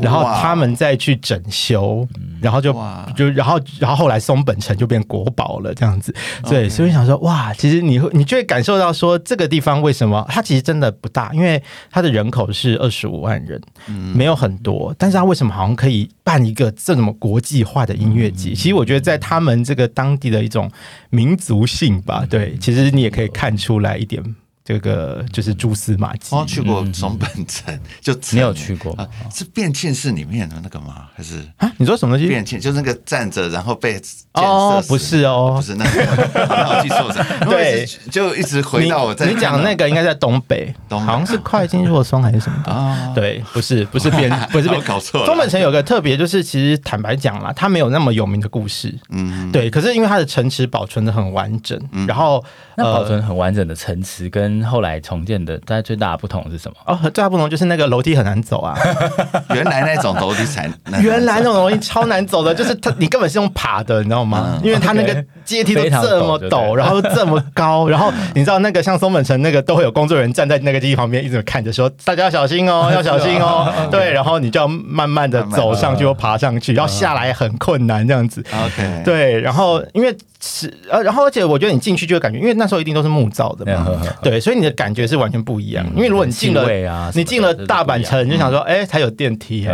然後他們再去整修，然後就就然後然後後來松本城就變國寶了，這樣子。對，Okay. 所以想說，哇，其實你你就會感受到說，這個地方為什麼它其實真的不大，因為它的人口是二十五萬人、嗯，沒有很多，但是它為什麼好像可以辦一個這麼國際化的音樂節？嗯？其實我覺得，在他們這個當地的一種民族性吧，嗯、對，其實你也可以看出來一點。這個就是蛛絲馬跡。哦，去過松本城，嗯、就你有去過？啊、是變慶寺裡面的那個嗎？還是、啊、你說什麼東西？變慶就是那個站着然後被哦，不是哦，不是那個，讓我記錯了。對， *laughs* 就一直回到我在你講那個應該在東北，東北，好像是會津若松還是什麼啊， *laughs* 對，不是不是邊、 *laughs* 啊、不是便、啊、我搞錯了。松本城有個特別，就是其實坦白講啦，它沒有那麼有名的故事。嗯，對。可是因為它的城池保存的很完整，嗯、然後、嗯、呃保存很完整的城池跟跟後來重建的，但最大的不同是什麼？哦，最大不同就是那個樓梯很難走啊！ *laughs* 原來那種樓梯才……原來那種東西超難走的， *laughs* 就是它，你根本是用爬的，你知道嗎？ *laughs* 因為它那個。階梯都這麼陡，然後這麼高，然後你知道那個像松本城那個都會有工作人員站在那個階梯旁邊一直看着說，大家要小心哦，要小心哦。對，然後你就要慢慢的走上去又爬上去，然後下來很困難這樣子。OK。對，然後因為是呃，然後而且，而且我覺得你進去就會感覺，因為那時候一定都是木造的嘛，對，所以你的感覺是完全不一樣。因為如果你進了你進了大阪城，你就想說，哎，才有電梯、欸、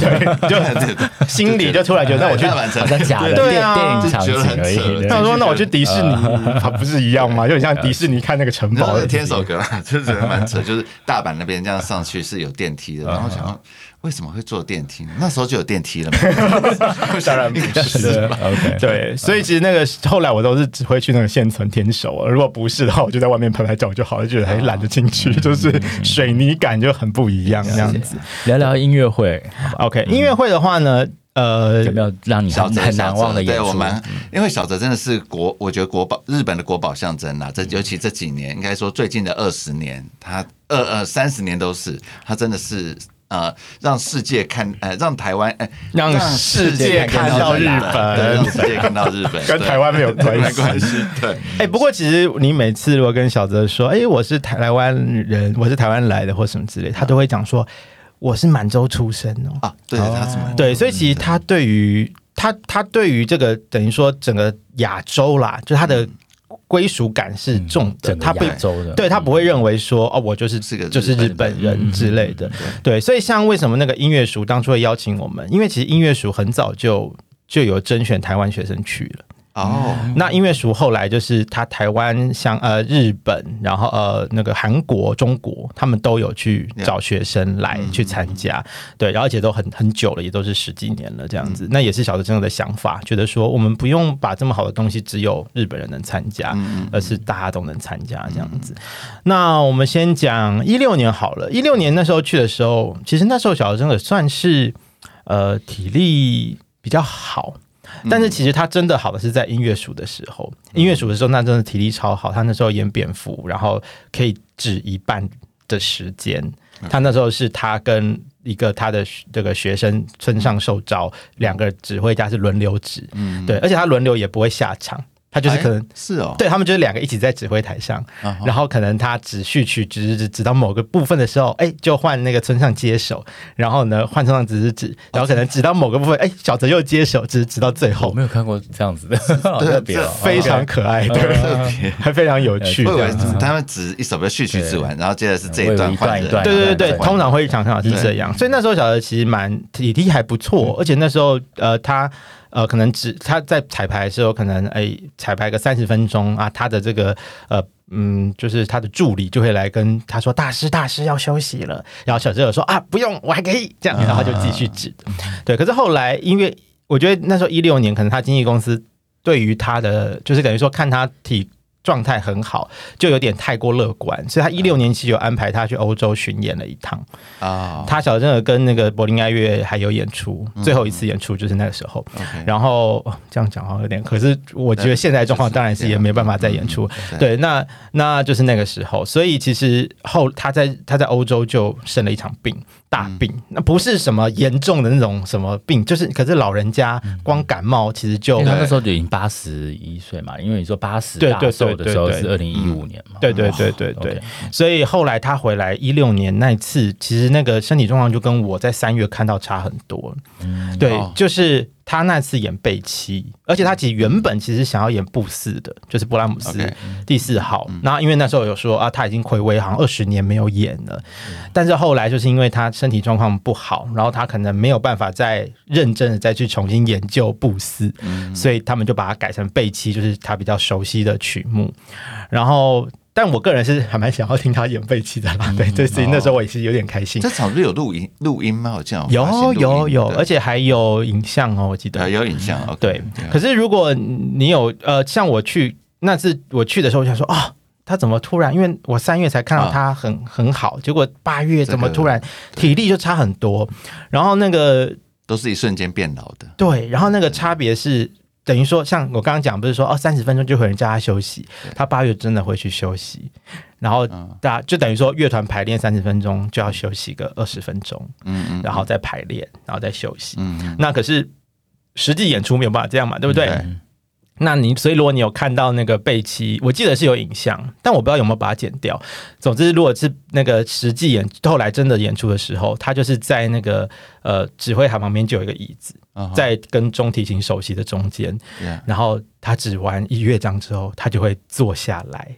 對，就心裡就突然覺得那我去大阪城像假的，對啊，電影場景而已。他說：“那我去迪士尼，嗯啊、不是一樣嗎？有點像迪士尼看那個城堡，的、那個那個、天守閣，就能、是、蠻扯。就是大阪那邊這樣上去是有電梯的，然後我想為什麼會坐電梯？那時候就有電梯了嗎？ *laughs* 當然不是。 *laughs* 對，對, okay. 對，所以其實那個後來我都是只會去那個現存天守而如果不是的話，我就在外面拍拍照就好了。就覺得還懶得進去、嗯，就是水泥感就很不一樣這樣子。聊聊音樂會，OK，、嗯、音樂會的話呢？”呃，有沒有讓你小澤難忘的演出？小澤小澤，對，我們因為小澤真的是國，我覺得國寶，日本的國寶象徵了。這尤其這幾年，應該說最近的二十年，他二二三十年都是他，真的是呃，讓世界看，呃、欸，讓台灣，哎，讓世界看到日本，讓世界看到日本，跟台灣沒有關關係。對，哎、 *laughs* 欸，不過其實你每次如果跟小澤說，哎、欸，我是台灣人，我是台灣來的，或什麼之類，他都會講說。我是滿洲出身哦啊，對，對，他是滿洲對？所以其實他對於他他對於這個等於說整個亞洲啦、嗯，就他的歸屬感是重的，嗯、的他不，對他不會認為說、嗯、哦，我就是這個就是日本人之類的、嗯對。對，所以像為什麼那個音樂塾當初會邀請我們？因為其實音樂塾很早就就有甄選台灣學生去了。哦，那音樂塾後來就是他台灣，像呃日本，然後呃那個韓國、中國，他們都有去找學生來去參加，Yeah. 對，然後而且都很很久了，也都是十幾年了這樣子。Mm -hmm. 那也是小澤征爾的想法，覺得說我們不用把這麼好的東西只有日本人能參加，而是大家都能參加這樣子。Mm -hmm. 那我們先講一六年好了，一六年那時候去的時候，其實那時候小澤征爾算是呃體力比較好，但是其實他真的好的是在音樂署的時候，音樂署的時候他真的體力超好。他那時候演蝙蝠，然後可以指一半的時間。他那時候是他跟一個他的這個學生村上壽昭，兩個指揮家是輪流指，對，而且他輪流也不會下場，他就是可能、欸、是哦，對他們就是兩個一起在指揮台上，啊、然後可能他只序曲指指指，指到某個部分的時候，哎，就換那個村上接手，然後呢換村上指，指指，然後可能指到某個部分，哎，小澤又接手，指指，指到最後，我沒有看過這樣子的，特 *laughs* 別非常可愛，特別、啊、還非常有趣。他們只一首歌序曲指完，然後接着是這一段換一,一,一段，對對對對，通常會常常是這樣。所以那時候小澤其實蠻體力還不錯，嗯、而且那時候呃他。呃，可能指他在彩排的時候，可能哎，彩排個三十分鐘啊，他的這個呃，嗯，就是他的助理就會來跟他說：“大師，大師要休息了。”然後小澤又說：“啊，不用，我還可以。”這樣，然後他就繼續指。啊、對，可是後來，因為我覺得那時候一六年，可能他經紀公司對於他的，就是等於說看他體。狀態很好，就有點太過樂觀，所以他一六年其實有安排他去歐洲巡演，了一趟啊、哦。他小時候跟那個柏林愛樂還有演出，最後一次演出就是那個時候。嗯、然後、嗯、這樣講好像有點、嗯，可是我覺得現在狀況當然是也沒辦法再演出。就是嗯、對，那那就是那個時候，所以其實後他在他在歐洲就生了一場病。大病，那不是什麼嚴重的那種什麼病、嗯，就是，可是老人家光感冒，其實就、嗯、他那時候就已經八十一歲嘛、嗯，因為你說八十大壽的時候是二零一五年嘛，對對對對對，對，對，、嗯對，對，對，對，對嗯，所以後來他回來一六年那一次、嗯，其實那個身體狀況就跟我在三月看到差很多、嗯，對，哦、就是。他那次演貝七，而且他其實原本其實想要演布四的，就是布拉姆斯第四號。那、okay, um, 因為那時候有說啊，他已經睽違，好像二十年沒有演了，um, 但是後來就是因為他身體狀況不好，然後他可能沒有辦法再認真的再去重新研究布四，um, 所以他們就把它改成貝七，就是他比較熟悉的曲目，然後。但我個人是還蠻想要聽他演貝七的啦，嗯，對，所以那時候我也是有點開心。嗯哦，這場是有錄音錄音嗎？我有這有有有，而且還有影像哦，喔，我記得。啊，有影像哦，okay，對。可是如果你有呃，像我去那次我去的時候，我想說哦，他怎麼突然？因為我三月才看到他很，哦，很好，結果八月怎麼突然，這個，體力就差很多？然後那個都是一瞬間變老的，對。然後那個差別是。等於說，像我剛剛講，不是說哦，三十分鐘就有人叫他休息，他八月真的會去休息，然後大家就等於說樂團排練三十分鐘就要休息個二十分鐘，嗯，然後再排練，然後再休息，嗯，嗯，那可是實際演出沒有辦法這樣嘛，對不對？嗯嗯那你所以，如果你有看到那個背奇，我記得是有影像，但我不知道有沒有把它剪掉。總之，如果是那個實際演，後來真的演出的時候，他就是在那個呃指揮台旁邊就有一個椅子，在跟中提琴首席的中間，uh -huh. 然後他指完一樂章之後，他就會坐下來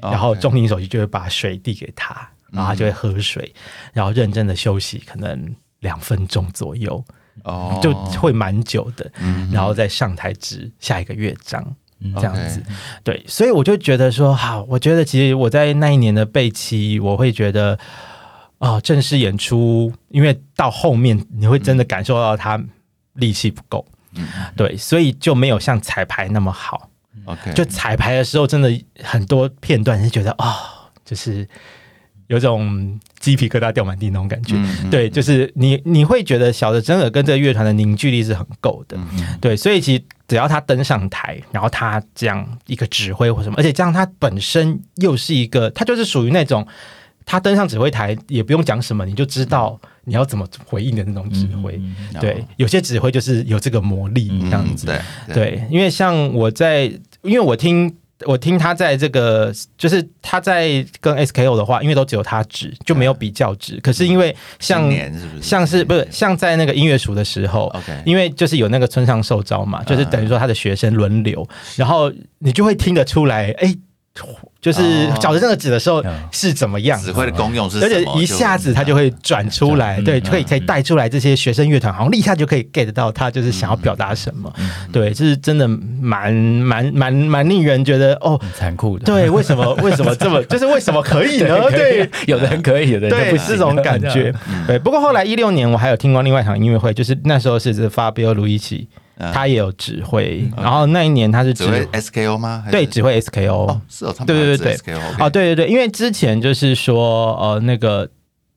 ，uh -huh. 然後中提琴首席就會把水遞給他，然後他就會喝水，uh -huh. 然後認真的休息，可能兩分鐘左右。哦、oh，就會蠻久的，mm -hmm. 然後再上台指下一個樂章，這樣子。Okay. 對，所以我就覺得說，好、啊，我覺得其實我在那一年的背期，我會覺得哦，正式演出，因為到後面你會真的感受到他力氣不夠，mm -hmm. 對，所以就沒有像彩排那麼好。Okay. 就彩排的時候，真的很多片段是覺得哦，就是。有種雞皮疙瘩掉滿地那種感覺。嗯嗯，對，就是你你會覺得小澤征爾跟這個樂團的凝聚力是很夠的。嗯嗯，對，所以其實只要他登上台，然後他這樣一個指揮或什麼，而且這樣他本身又是一個，他就是屬於那種他登上指揮台也不用講什麼，你就知道你要怎麼回應的那種指揮。嗯，對，有些指揮就是有這個魔力這樣子。嗯，對對，對，因為像我在，因為我聽。我聽他在這個，就是他在跟 S K O 的話，因為都只有他指，就沒有比較指。嗯。可是因為像像是不是，像，是，不是像在那個音樂署的時候，okay。因為就是有那個村上受招嘛，就是等於說他的學生輪流，uh -huh。然後你就會聽得出來，哎、欸。就是找着這個指的時候是怎麼樣？指揮的功用是什麼，而且一下子他就會轉出來就、嗯，對，可以可以帶出來這些學生樂團、嗯，好像立刻就可以 get 到他就是想要表達什麼。嗯、對，這、就是真的蠻，蠻蠻蠻蠻令人覺得哦，殘酷的。的對，為什麼為什麼這麼？ *laughs* 就是為什麼可以呢？對，啊、對有的人可以，有的人不對是這種感覺、嗯。對，不過後來一六年，我還有聽過另外一場音樂會，就是那時候是法比奧·魯伊斯。他也有指揮、嗯，然後那一年他是指揮 S K O 嗎，還是？對，指揮 S K O、哦。哦、SKO，對對對對 S K O。哦，對對對，因為之前就是說，呃，那個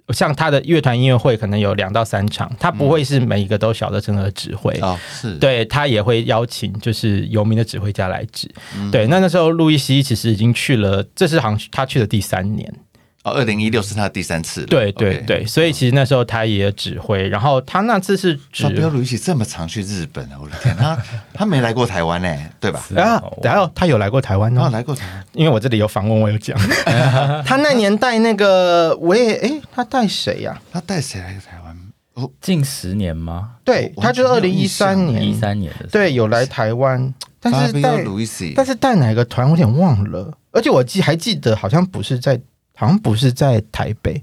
像他的樂團音樂會可能有兩到三場，他不會是每一個都曉得整個指揮啊、嗯哦，是。對，他也會邀請就是有名的指揮家來指。嗯、對，那那時候路易西其實已經去了，這是好像他去的第三年。哦，二零一六是他第三次。對對對，okay, 所以其實那時候他也指揮。嗯、然後他那次是。法比歐·路易西這麼常去日本啊！我天，他 *laughs* 他沒來過台灣呢、欸， *laughs* 對吧？然、啊、後，然後他有來過台灣哦，哦來過台灣，因為我這裡有訪問，我有講。 *laughs* *laughs* 他那年帶那個，我也誒，他帶誰呀、啊？他帶誰來台灣、哦？近十年嗎？對，他就是二零一三年，一三年的。對，有來台灣比，但是帶，但是帶哪個團我有點忘了，而且我記還記得好像不是在。好像不是在台北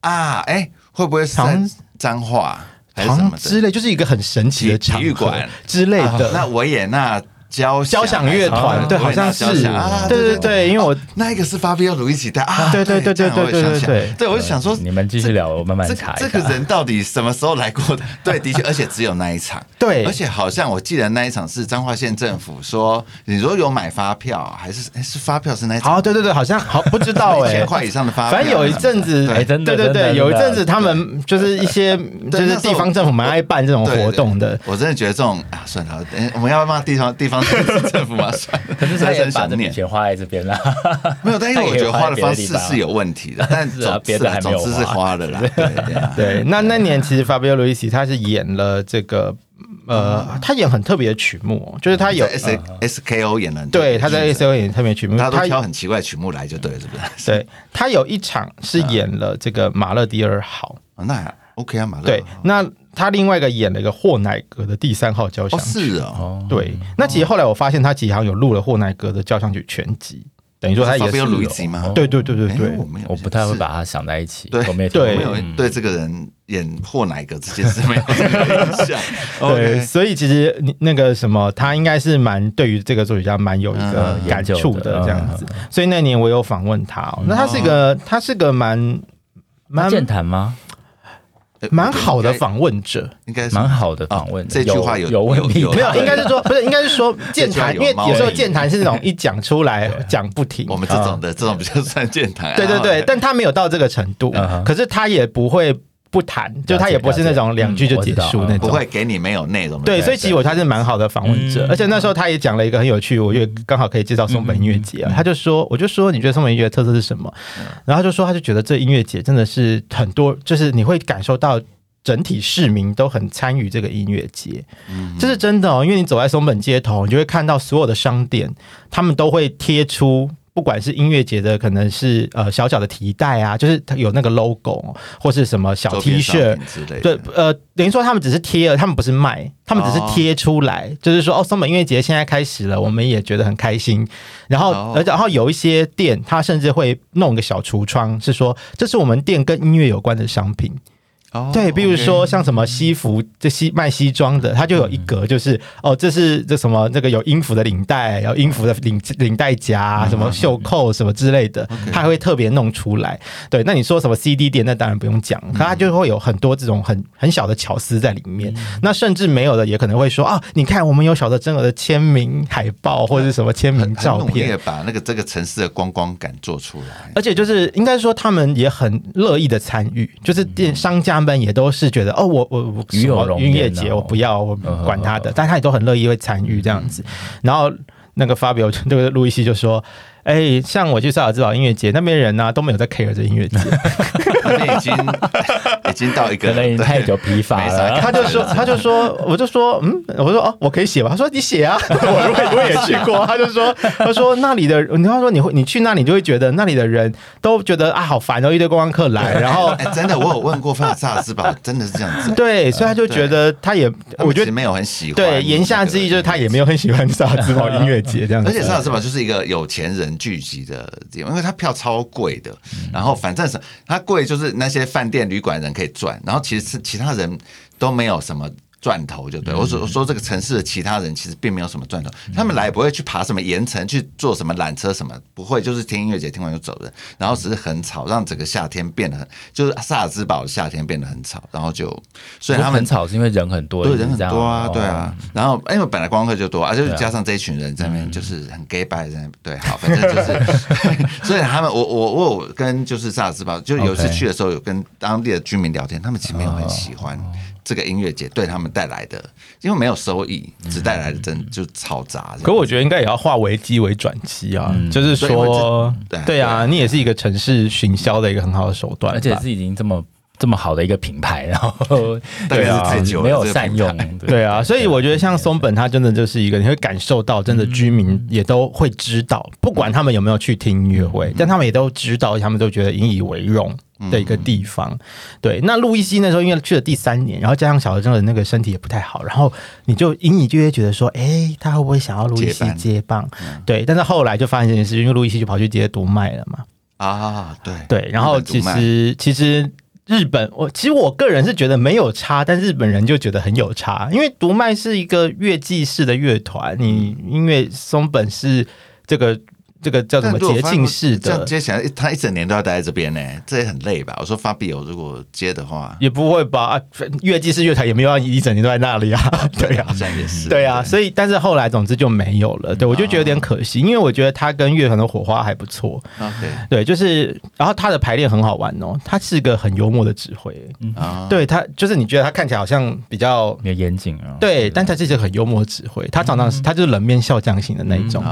啊？哎、欸，會不會是藏髒話、藏之類，就是一個很神奇的體育館之類的？啊、那我也那。交交響樂團對，好、哦、像是啊，對對對，因為我、哦、那一個是法比奧一起的啊，對對對對對對對,對,對,對,對,對，對,我,想想對,對,對,對,對,對我就想說，嗯嗯、你們繼續聊，我慢慢查一這,這,這個人到底什麼時候來過對，的確，而且只有那一場 *laughs* 對，對，而且好像我記得那一場是彰化縣政府說，你如果有買發票，還是、欸、是發票是那一場好啊？對對對，好像好不知道、欸，哎，千塊以上的發票， *laughs* 反正有一陣子對、欸真的，對對對，有一陣子他們就是一些就是地方政府蠻愛辦這種活動的，我真的覺得這種啊，算了，等我們要罵地方地方。政 *laughs* 府把嘛，還是想把錢花在這邊啦。沒有，但因為我覺得花的方式是有問題的，別的啊、但總是、啊別還沒有是啊、總之是花的啦。對，對，對，啊、對，那那年其實 Fabio Luisi 他是演了這個，呃，他演很特別曲目，就是他有、嗯、S S K O 演了的，對，他在 S K O 演特別曲目，他都挑很奇怪的曲目來就對了，是不是？對，他有一場是演了這個馬勒第二號，啊、那還 OK 啊，馬勒號對那。他另外一個演了一個霍乃格的第三號交響曲，哦是哦對、嗯。那其實後來我發現他其實好像有錄了霍乃格的交響曲全集，等於說他也是有沒有、哦、對對對對對、欸我，我不太會把他想在一起。對沒對沒、嗯，對這個人演霍乃格這件事沒有這個印象、 *laughs* *laughs* okay。對，所以其實那個什麼，他應該是蠻對於這個作曲家蠻有一個感觸的這樣子、嗯嗯。所以那年我有訪問他、哦嗯，那他是個、哦、他是個蠻蠻健談嗎？蠻好的訪問者，應該是蠻好的訪問的、哦。這句話有問題沒有？應該是說，不是 *laughs* 應該是說健談， *laughs* 因為有時候健談是那種一講出來講 *laughs* 不停。我們這種的 *laughs* 這種比較算健談。對對對， *laughs* 但他沒有到這個程度， *laughs* 可是他也不會。不談，就他也不是那種兩句就結束、嗯、那種，不會給你沒有內容。對，所以其實我他是蠻好的訪問者、嗯，而且那時候他也講了一個很有趣，我就剛好可以介紹松本音樂節啊。他就說，我就說，你覺得松本音樂的特色是什麼？嗯、然後他就說他就覺得這音樂節真的是很多、嗯，就是你會感受到整體市民都很參與這個音樂節，這、嗯就是真的哦。因為你走在松本街頭，你就會看到所有的商店，他們都會貼出。不管是音樂節的，可能是呃小小的提袋啊，就是它有那個 logo 或是什麼小 T 恤之類的，對，呃，等於說他們只是貼了，他們不是賣，他們只是貼出來，哦、就是說哦，松本音樂節現在開始了，我們也覺得很開心。然後，而、哦、且然後有一些店，他甚至會弄個小櫥窗，是說這是我們店跟音樂有關的商品。哦、對，比如說像什麼西服，這、嗯、西賣西裝的，他就有一格，就是、嗯、哦，這是這什麼那個有音符的領帶，然後音符的領領帶夾，什麼袖扣什麼之類的，他、嗯嗯嗯、還會特別弄出來、嗯。對，那你說什麼 CD 店，那當然不用講，他就會有很多這種很很小的巧思在裡面。嗯、那甚至沒有的，也可能會說啊，你看我們有小澤征爾的，的簽名海報或者是什麼簽名照片。嗯、很，很努力把那個這個城市的觀光，光感做出來。而且就是應該說他們也很樂意的參與，就是店、嗯、商家。他們也都是覺得哦，我我我音樂節，我不要，哦、我不管他的、哦，但他也都很樂意會參與這樣子、嗯。然後那個 Fabio，、這個路易西就說。哎、欸，像我去薩爾茲堡音樂節，那邊人呢、啊、都沒有在 care 這音樂節， *laughs* *laughs* 可能已經已經到一個太久疲乏了。他就， *laughs* 他就說，他就說，我就說，嗯，我就說哦，我可以寫吧。他說你寫啊，我 *laughs* 我也去過。他就說，他說那裡的，他說你會你去那裡就會覺得那裡的人都覺得啊好煩哦，一堆觀光客來。然後哎、欸，真的，我有問過，薩爾茲堡真的是這樣子。對，所以他就覺得他也、嗯、我覺得沒有很喜歡對。對，言下之意就是他也沒有很喜歡薩爾茲堡音樂節這樣子。 *laughs* 而且薩爾茲堡就是一個有錢人聚集的地方，因為它票超貴的，然後反正是它貴，他就是那些飯店旅館人可以賺，然後其實是其他人都沒有什麼。賺頭就對，嗯，我說說這個城市的其他人其實並沒有什麼賺頭、嗯，他們來不會去爬什麼鹽城，去坐什麼纜車什麼不會，就是聽音樂節聽完就走的。然後只是很吵，讓整個夏天變得很就是薩爾茲堡，夏天變得很吵。然後就所以他們很吵是因為人很多人，對，人很多啊，對啊。哦，然後，欸，因為本來光客就多，啊，就是加上這一群人在那邊就是很 gay 白，嗯，對，好，反正就是 *laughs* *laughs* 所以他們我我我，我跟就是薩爾茲堡就有一次去的時候有跟當地的居民聊天，okay. 他們其實沒有很喜歡。哦這個音樂節對他們帶來的，因為沒有收益，只帶來的真的就嘈雜、嗯。可我覺得應該也要化危機為轉機啊，嗯、就是說對、啊對啊對啊，對啊，你也是一個城市行銷的一個很好的手段，而且是已經這麼這麼好的一個品牌，然後對啊沒有善用、這個。對啊，所以我覺得像松本他真的就是一個，你會感受到真的居民也都會知道，嗯、不管他們有沒有去聽音樂會、嗯，但他們也都知道，他們都覺得引以為榮。的一個地方，對。那路易西那時候因為去了第三年，然後加上小的時候那個身體也不太好，然後你就隱隱約約覺得說，誒、哎，他會不會想要路易西接棒接班，嗯。對。但是後來就發現這件事情，因為路易西就跑去接讀賣了嘛。啊，對對。然後其實其實日本，我其實我個人是覺得沒有差，但日本人就覺得很有差，因為讀賣是一個樂季式的樂團，你因為松本是這個。這個叫什麼？捷進式的，接起來他一整年都要待在這邊呢，這也很累吧？我說，法比歐如果接的話，也不會吧、啊？樂季是樂團，也沒有一整年都在那裡啊。對啊，好像也是對啊，所以但是後來，總之就沒有了。對我就覺得有點可惜，因為我覺得他跟樂團的火花還不錯。嗯 okay. 對，就是然後他的排練很好玩哦、喔，他是個很幽默的指揮。啊，對他就是你覺得他看起來好像比較嚴謹啊？對，但他其實很幽默的指揮，他常常是他就是冷面笑匠型的那種。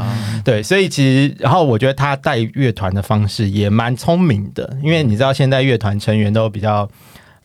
對，所以其實。然後我覺得他帶樂團的方式也蠻聰明的，因為你知道現在樂團成員都比較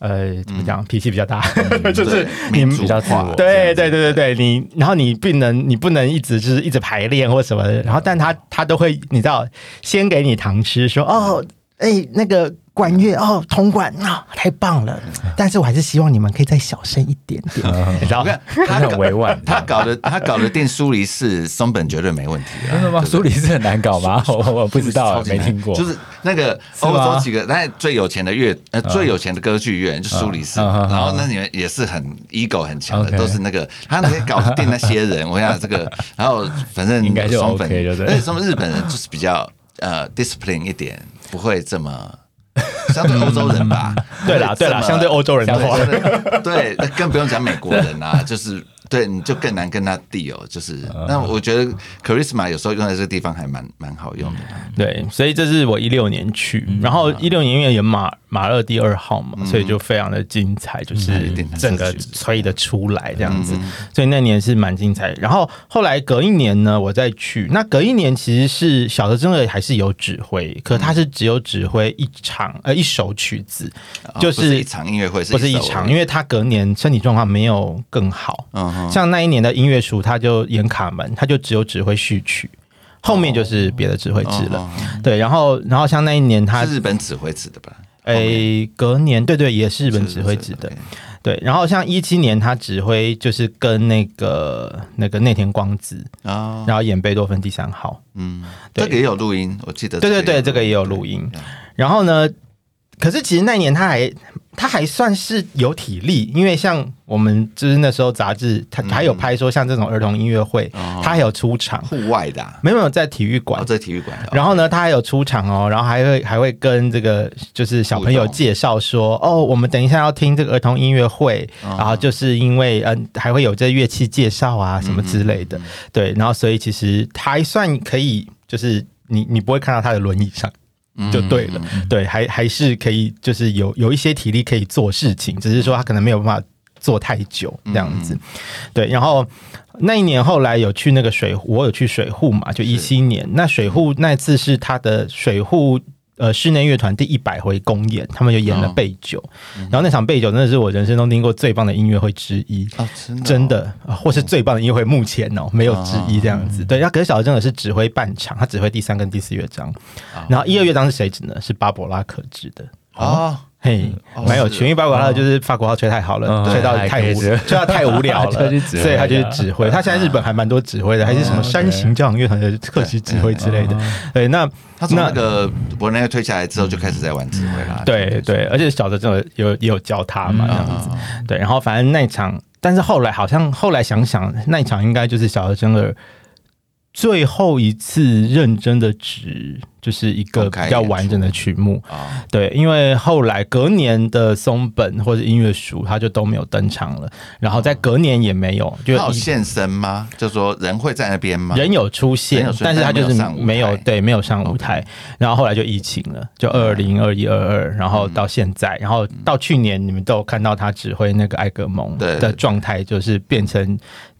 呃怎麼講、嗯、脾氣比較大，嗯、 *laughs* 就是你比較自我，對對對對對，你然後你不能你不能一直就是一直排練或什麼的，然後但他他都會你知道先給你糖吃，說哦哎那個。管樂哦，通關啊，哦，太棒了！但是我還是希望你們可以再小聲一點點，欸。然後他很委婉，他，嗯、 *laughs* 搞的他搞的定蘇黎世松本絕對沒問題，啊。為蘇黎世很難搞嗎？吧，我我不知道，沒聽過。就是那個歐洲幾個，那最有錢的樂，最有錢的歌劇院就蘇黎世，啊。然後那裡面也是很 ego 很強的，啊，都是那個他，啊啊，可以搞定那些人。啊，我想這個，然後反正應該就 OK 了。所以日本人就是比較呃，uh, discipline 一點，不會這麼。 *laughs* 相對歐洲人吧， *laughs* 對，對啦，對啦，相對歐洲人的話，對，對，對，對， *laughs* 對，更不用講美國人啦、啊， *laughs* 就是。對，你就更難跟他 deal，就是、嗯、那我覺得 charisma 有時候用在這個地方還蠻蠻好用的、啊。對，所以這是我一六年去，然後一六年因為有馬馬勒第二號嘛、嗯，所以就非常的精彩，嗯、就是整個吹得出來這樣子，嗯嗯嗯、所以那年是蠻精彩。然後後來隔一年呢，我再去，那隔一年其實是小澤征爾還是有指揮，可他是只有指揮一場，呃，一首曲子，就是一場音樂會，不是一場，因為他隔年身體狀況沒有更好。嗯。像那一年的音樂署，他就演卡門，他就只有指揮序曲，後面就是別的指揮指了、哦哦哦。對，然後然後像那一年他是日本指揮指的吧？誒、欸，隔年對對也是日本指揮指的是是是、okay。對，然後像一七年他指揮就是跟那個那個內田光子啊、哦，然後演貝多芬第三號。嗯，對這個也有錄音，我記得。對對對，這個也有錄音。然後呢？可是其實那年他還他還算是有體力，因為像我們就是那時候雜誌，他還有拍說像這種兒童音樂會，他、嗯、還有出場，戶外的、啊，沒有沒有在體育館、哦，在體育館。然後呢、OK，他還有出場哦，然後還會還會跟這個就是小朋友介紹說，哦，我們等一下要聽這個兒童音樂會、嗯，然後就是因為嗯、呃，還會有這樂器介紹啊什麼之類的、嗯嗯，對，然後所以其實他還算可以，就是你你不會看到他的輪椅上。就對了，嗯嗯嗯對，還還是可以，就是有有一些體力可以做事情，只是說他可能沒有辦法做太久這樣子。嗯嗯對，然後那一年後來有去那個水，我有去水戶嘛，就17年。那水戶那次是他的水戶。呃，室內樂團第一百回公演，他們就演了貝九，哦，然後那場貝九真的是我人生中聽過最棒的音樂會之一。啊真哦，真的，或是最棒的音樂會，哦，目前哦，沒有之一這樣子。啊、對，那、啊、後可是小澤真的是指揮半場，他指揮第三跟第四樂章，啊、然後一二樂章是誰指的？是巴伯拉克指的。哦，嘿，蠻、哦、有趣，因為包括他的就是法國號吹太好了，哦、吹到太無聊，吹到太無聊了 *laughs* 了，所以他就是指揮、啊。他現在日本還蠻多指揮的、啊，還是什麼山形交響樂團的客席指揮之類的。嗯對，嗯、對，那他從那個柏林愛樂退下來之後，就開始在玩指揮了、嗯。對對，而且小的真的有也有教他嘛，這樣子、嗯嗯。對，然後反正那一場，但是後來好像後來想想，那一場應該就是小的真的。最後一次認真的指就是一個比較完整的曲目，okay, 對，因為後來隔年的松本或者音樂署他就都沒有登場了，oh. 然後在隔年也沒有，oh. 就到現身嗎？就說人會在那邊嗎？人有出現，但是他就是沒有對，沒有上舞台，okay. 然後後來就疫情了，就二零二一二二，然後到現在，然後到去年你們都有看到他指揮那個艾格蒙的狀態，就是變成。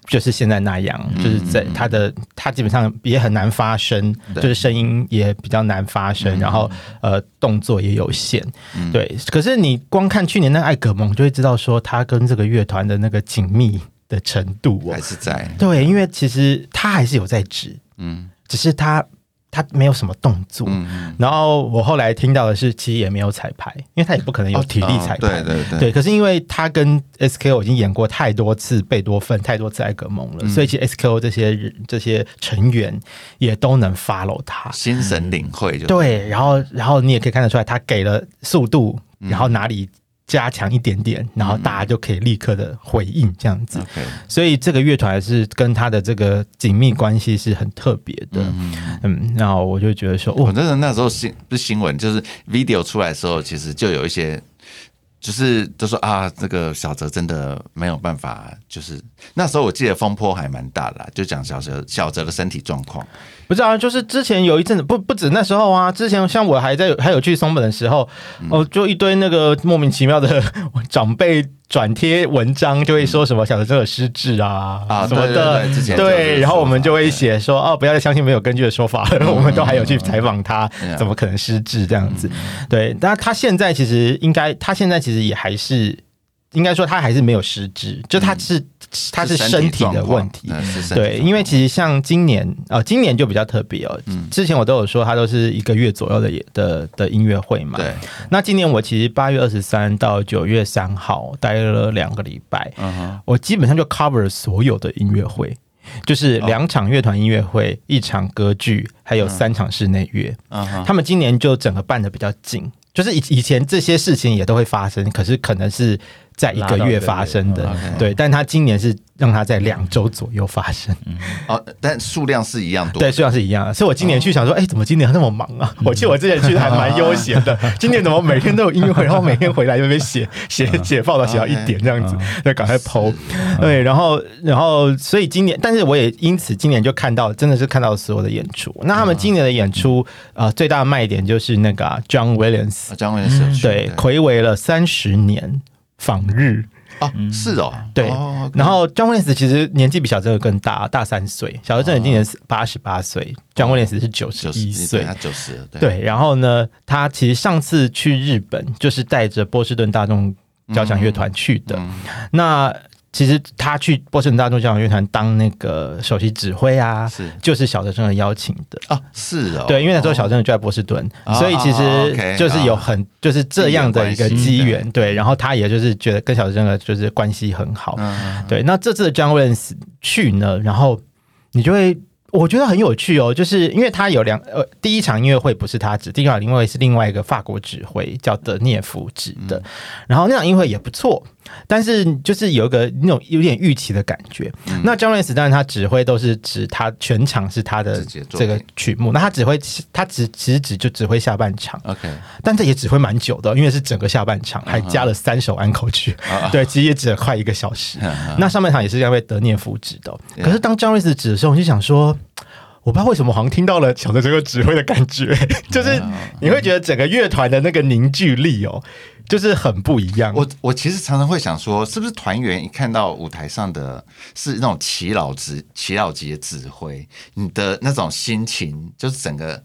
就是現在那樣，嗯嗯嗯，就是在他的，他基本上也很難發聲，就是聲音也比較難發聲，嗯嗯嗯，然後呃動作也有限，嗯嗯，對。可是你光看去年那個艾格蒙就會知道說他跟這個樂團的那個緊密的程度，喔，還是在對，因為其實他還是有在指，嗯，只是他。他沒有什麼動作、嗯，然後我後來聽到的是，其實也沒有彩排，因為他也不可能有體力彩排、哦。對對對。對，可是因為他跟 S.K.O 已經演過太多次貝多芬、太多次艾格蒙了、嗯，所以其實 S.K.O 這些人這些成員也都能 follow 他，心神領會就對、嗯。對，然後然後你也可以看得出來，他給了速度，然後哪裡。加強一點點，然後大家就可以立刻的回應這樣子。嗯、所以這個樂團是跟他的這個緊密關係是很特別的。嗯，然後、嗯嗯、我就覺得說，哇、真的那時候新不是新聞，就是 video 出來的時候，其實就有一些。就是都說啊，這、那個小澤真的沒有辦法。就是那時候，我記得風波還蠻大啦，就講小澤小澤的身體狀況。不是啊，就是之前有一陣子，不不止那時候啊，之前像我還在還有去松本的時候，哦，就一堆那個莫名其妙的 *laughs* 長輩。轉貼文章就會說什麼小澤真的失智啊啊什麼的對對對，對，然後我們就會寫說哦，不要再相信沒有根據的說法，我們都還有去採訪他，怎麼可能失智這樣子？對，對對但他現在其實應該，他現在其實也還是。應該說他還是沒有失智，就他是，、嗯、是他是身體的問題，對，對因為其實像今年啊、呃，今年就比較特別哦、嗯。之前我都有說，他都是一個月左右的的的音樂會嘛。對。那今年我其實八月二十三到九月三號待了兩個禮拜、嗯哼，我基本上就 cover 了所有的音樂會，就是兩場樂團音樂會、哦，一場歌劇，還有三場室內樂。嗯哼。他們今年就整個辦得比較緊，就是以以前這些事情也都會發生，可是可能是。在一個月發生的對對對，對，但他今年是讓他在兩周左右發生，啊、嗯，但數量是一樣多，對，數量是一樣的，所以我今年去想說，哎、欸，怎麼今年那麼忙啊？嗯、我記得我之前去還蠻悠閒的、啊，今年怎麼每天都有音樂會？然後每天回來就被寫寫寫報道寫到一點這樣子，就、啊、趕快 po、啊，對，然後然後所以今年，但是我也因此今年就看到，真的是看到了所有的演出、啊。那他們今年的演出啊、嗯，最大的賣點就是那個、啊、John Williams，John Williams,、啊 John Williams 嗯、對，暌違了三十年。訪日啊，是哦，嗯、哦對哦。然後，John Williams 其實年紀比小澤正更大，大三歲。哦、小澤正今年八十八歲，John、哦、Williams 是九十一歲，九十，對，對。然後呢，他其實上次去日本就是帶着波士頓大眾交響樂團、嗯、去的。嗯、那。其實他去波士頓大眾交響樂團當那個首席指揮啊，是就是小澤征爾的邀請的啊，是哦，對，因為那時候小澤征爾就在波士頓、哦，所以其實就是有很、哦、就是這樣的一個機緣，對。然後他也就是覺得跟小澤征爾就是關係很好，嗯嗯嗯對。那這次的 John Williams 去呢，然後你就會我覺得很有趣哦，就是因為他有兩呃，第一場音樂會不是他指，第二場音樂會是另外一個法國指揮叫德涅夫指的，嗯、然後那場音樂會也不錯。但是就是有一個那種有點預期的感覺。嗯、那張瑞斯，當然他指揮都是指他全場是他的這個曲目，那他指揮他只只指就指揮下半場。OK，但這也指揮蠻久的，因為是整個下半場還加了三首安可曲，uh -huh. *laughs* 對，其實也指了快一個小時。Uh -huh. 那上半場也是要為德涅夫指的。Uh -huh. 可是當張瑞斯指的時候，我就想說。我不知道為什麼，好像聽到了小澤征爾指揮的感覺，就是你會覺得整個樂團的那個凝聚力哦，就是很不一樣。Yeah. 我我其實常常會想說，是不是團員一看到舞台上的是那種齊老子、齊老級的指揮，你的那種心情，就是整個，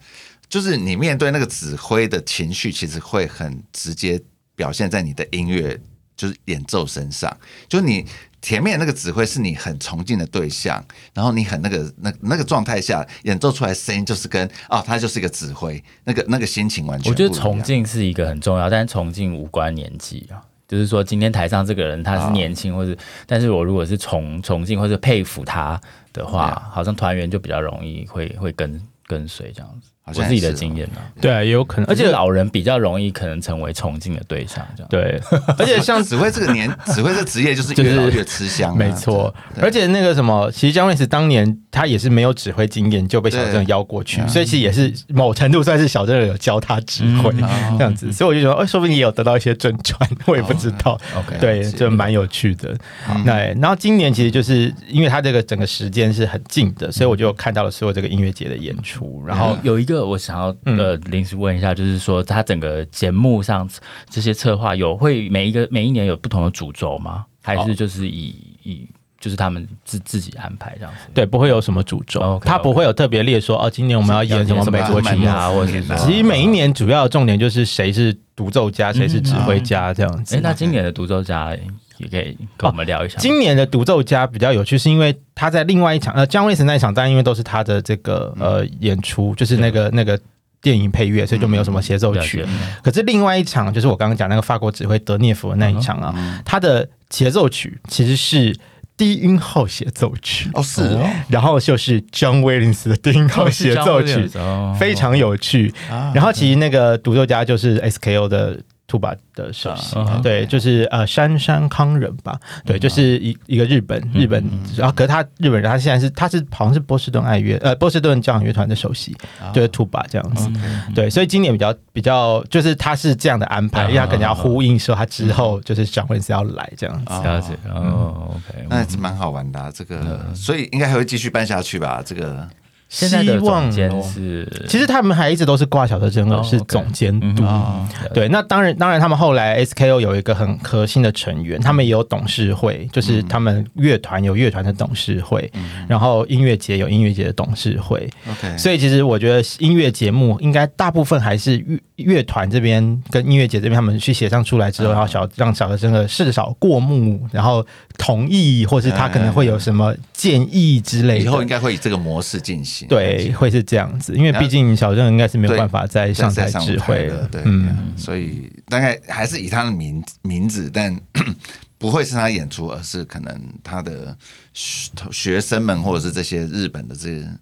就是你面對那個指揮的情緒，其實會很直接表現在你的音樂，就是演奏身上，就是、你。前面那個指揮是你很崇敬的對象，然後你很那個那那個狀態下演奏出來聲音就是跟啊、哦，他就是一個指揮，那個那個心情完全。我覺得崇敬是一個很重要，但是崇敬無關年紀啊。就是說，今天台上這個人他是年輕，或是、哦、但是我如果是崇崇敬或者佩服他的話，好像團員就比較容易會會跟跟隨這樣子。我自己的經驗啊，對、啊，也有可能，而且老人比較容易可能成為崇敬的對象，對。 *laughs* *laughs* 而且像指揮這個年，指揮這職業就是越老越吃香，沒錯。而且那個什麼，其實姜維是當年。他也是沒有指揮經驗就被小澤邀過去，所以其實也是某程度算是小澤有教他指揮、嗯、這樣子、嗯，所以我就覺得說、哦，說不定也有得到一些真傳我也不知道。哦、okay, okay, 對，就蠻有趣的。那、嗯、然後今年其實就是、嗯、因為他這個整個時間是很近的，所以我就看到了所有這個音樂節的演出。然後、嗯、有一個我想要呃臨時問一下，就是說他整個節目上這些策劃有會每一個每一年有不同的主軸嗎？還是就是以以。哦就是他們自自己安排這樣子，對，不會有什麼主軸，okay, okay, 他不會有特別列說哦，今年我們要演什麼美國曲啊，或者其實每一年主要的重點就是誰是獨奏家，誰、嗯、是指揮家這樣子。嗯嗯欸欸、那今年的獨奏家也可以跟我們聊一下、哦。今年的獨奏家比較有趣，是因為他在另外一場、嗯、呃姜偉成那一場，當然因為都是他的這個、嗯、呃演出，就是那個那個電影配樂，所以就沒有什麼協奏曲、嗯嗯。可是另外一場、嗯、就是我剛剛講那個法國指揮德涅夫的那一場啊，嗯、他的協奏曲其實是。低音號協奏曲，哦，是哦，然後就是 John Williams 的低音號協奏曲，哦，非常有趣，哦。然後其實那個獨奏家就是 SKO 的。Tuba 的首席，啊啊 okay. 對，就是呃，山山康人吧，對，就是一一個日本日本，然、嗯、後、啊、可是他日本人，他現在是他是好像是波士頓愛樂呃波士頓交響樂團的首席，啊、就是 Tuba 這樣子、嗯，對，所以今年比較比較就是他是這樣的安排，嗯、因為他肯定要呼應說、嗯嗯、他之後就是張惠是要來這樣子，啊，哦，OK，那蠻好玩的、啊、這個、嗯，所以應該還會繼續辦下去吧，這個。現在的總監是其實他們還一直都是掛小澤征爾老師是總監督。Oh, okay. 對，那當然，當然他們後來 SKO 有一個很核心的成員，mm -hmm. 他們也有董事會，就是他們樂團有樂團的董事會，mm -hmm. 然後音樂節有音樂節的董事會。OK，mm -hmm. 所以其實我覺得音樂節目應該大部分還是樂。樂團這邊跟音樂節這邊，他們去協商出來之後，然後小讓小澤征爾至少過目，然後同意，或是他可能會有什麼建議之類的。以後應該會以這個模式進行，對，會是這樣子，因為畢竟小澤應該是沒有辦法再上在上台指揮了，對，嗯，所以大概還是以他的名名字，但 *coughs* 不會是他演出，而是可能他的學生們，或者是這些日本的這些人。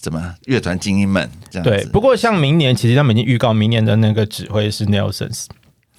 怎麼樂團精英們這樣？對，不過像明年，其實他們已經預告明年的那個指揮是 Nelsons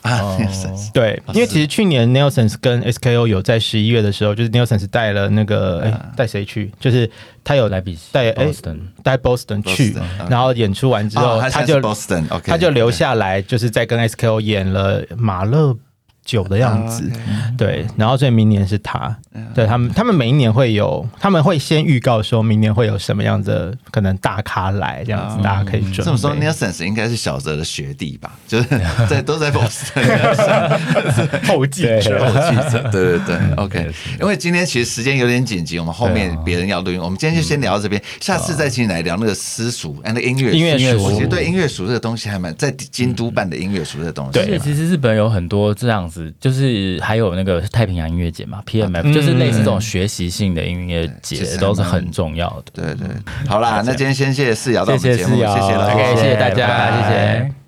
啊，uh, *laughs* 對，因為其實去年 Nelsons 跟 SKO 有在十一月的時候，就是 Nelsons 帶了那個帶誰、啊欸、去？就是他有來比帶 Boston 帶 Boston 去，Boston, okay. 然後演出完之後，啊、Boston, 他就 Boston OK，他就留下來，就是在跟 SKO 演了馬勒。久的樣子，okay. 對，然後所以明年是他、yeah. 對他們，他們每一年會有，他們會先預告說明年會有什麼樣的可能大咖來這樣子，uh, 大家可以、嗯、這麼說，Nelson 應該是小澤的學弟吧？嗯、就是在 *laughs* 都在 Boston 後繼者，後繼者，對對對，OK。因為今天其實時間有點緊急，我們後面別人要錄音、啊，我們今天就先聊到這邊、嗯，下次再請你來聊那個私塾，那、嗯、音樂音樂塾。我覺得對音樂塾這個東西還蠻在京都辦的音樂塾這個東西。嗯、對，其實日本有很多這樣。就是還有那個太平洋音樂節嘛，P M F，啊嗯、就是類似這種學習性的音樂節都是很重要的。嗯嗯、對，對對，好啦， *laughs* 那今天先謝謝士堯到我們節目，謝謝士堯謝謝謝老師，okay, okay, okay, 謝謝大家，bye, bye 謝謝。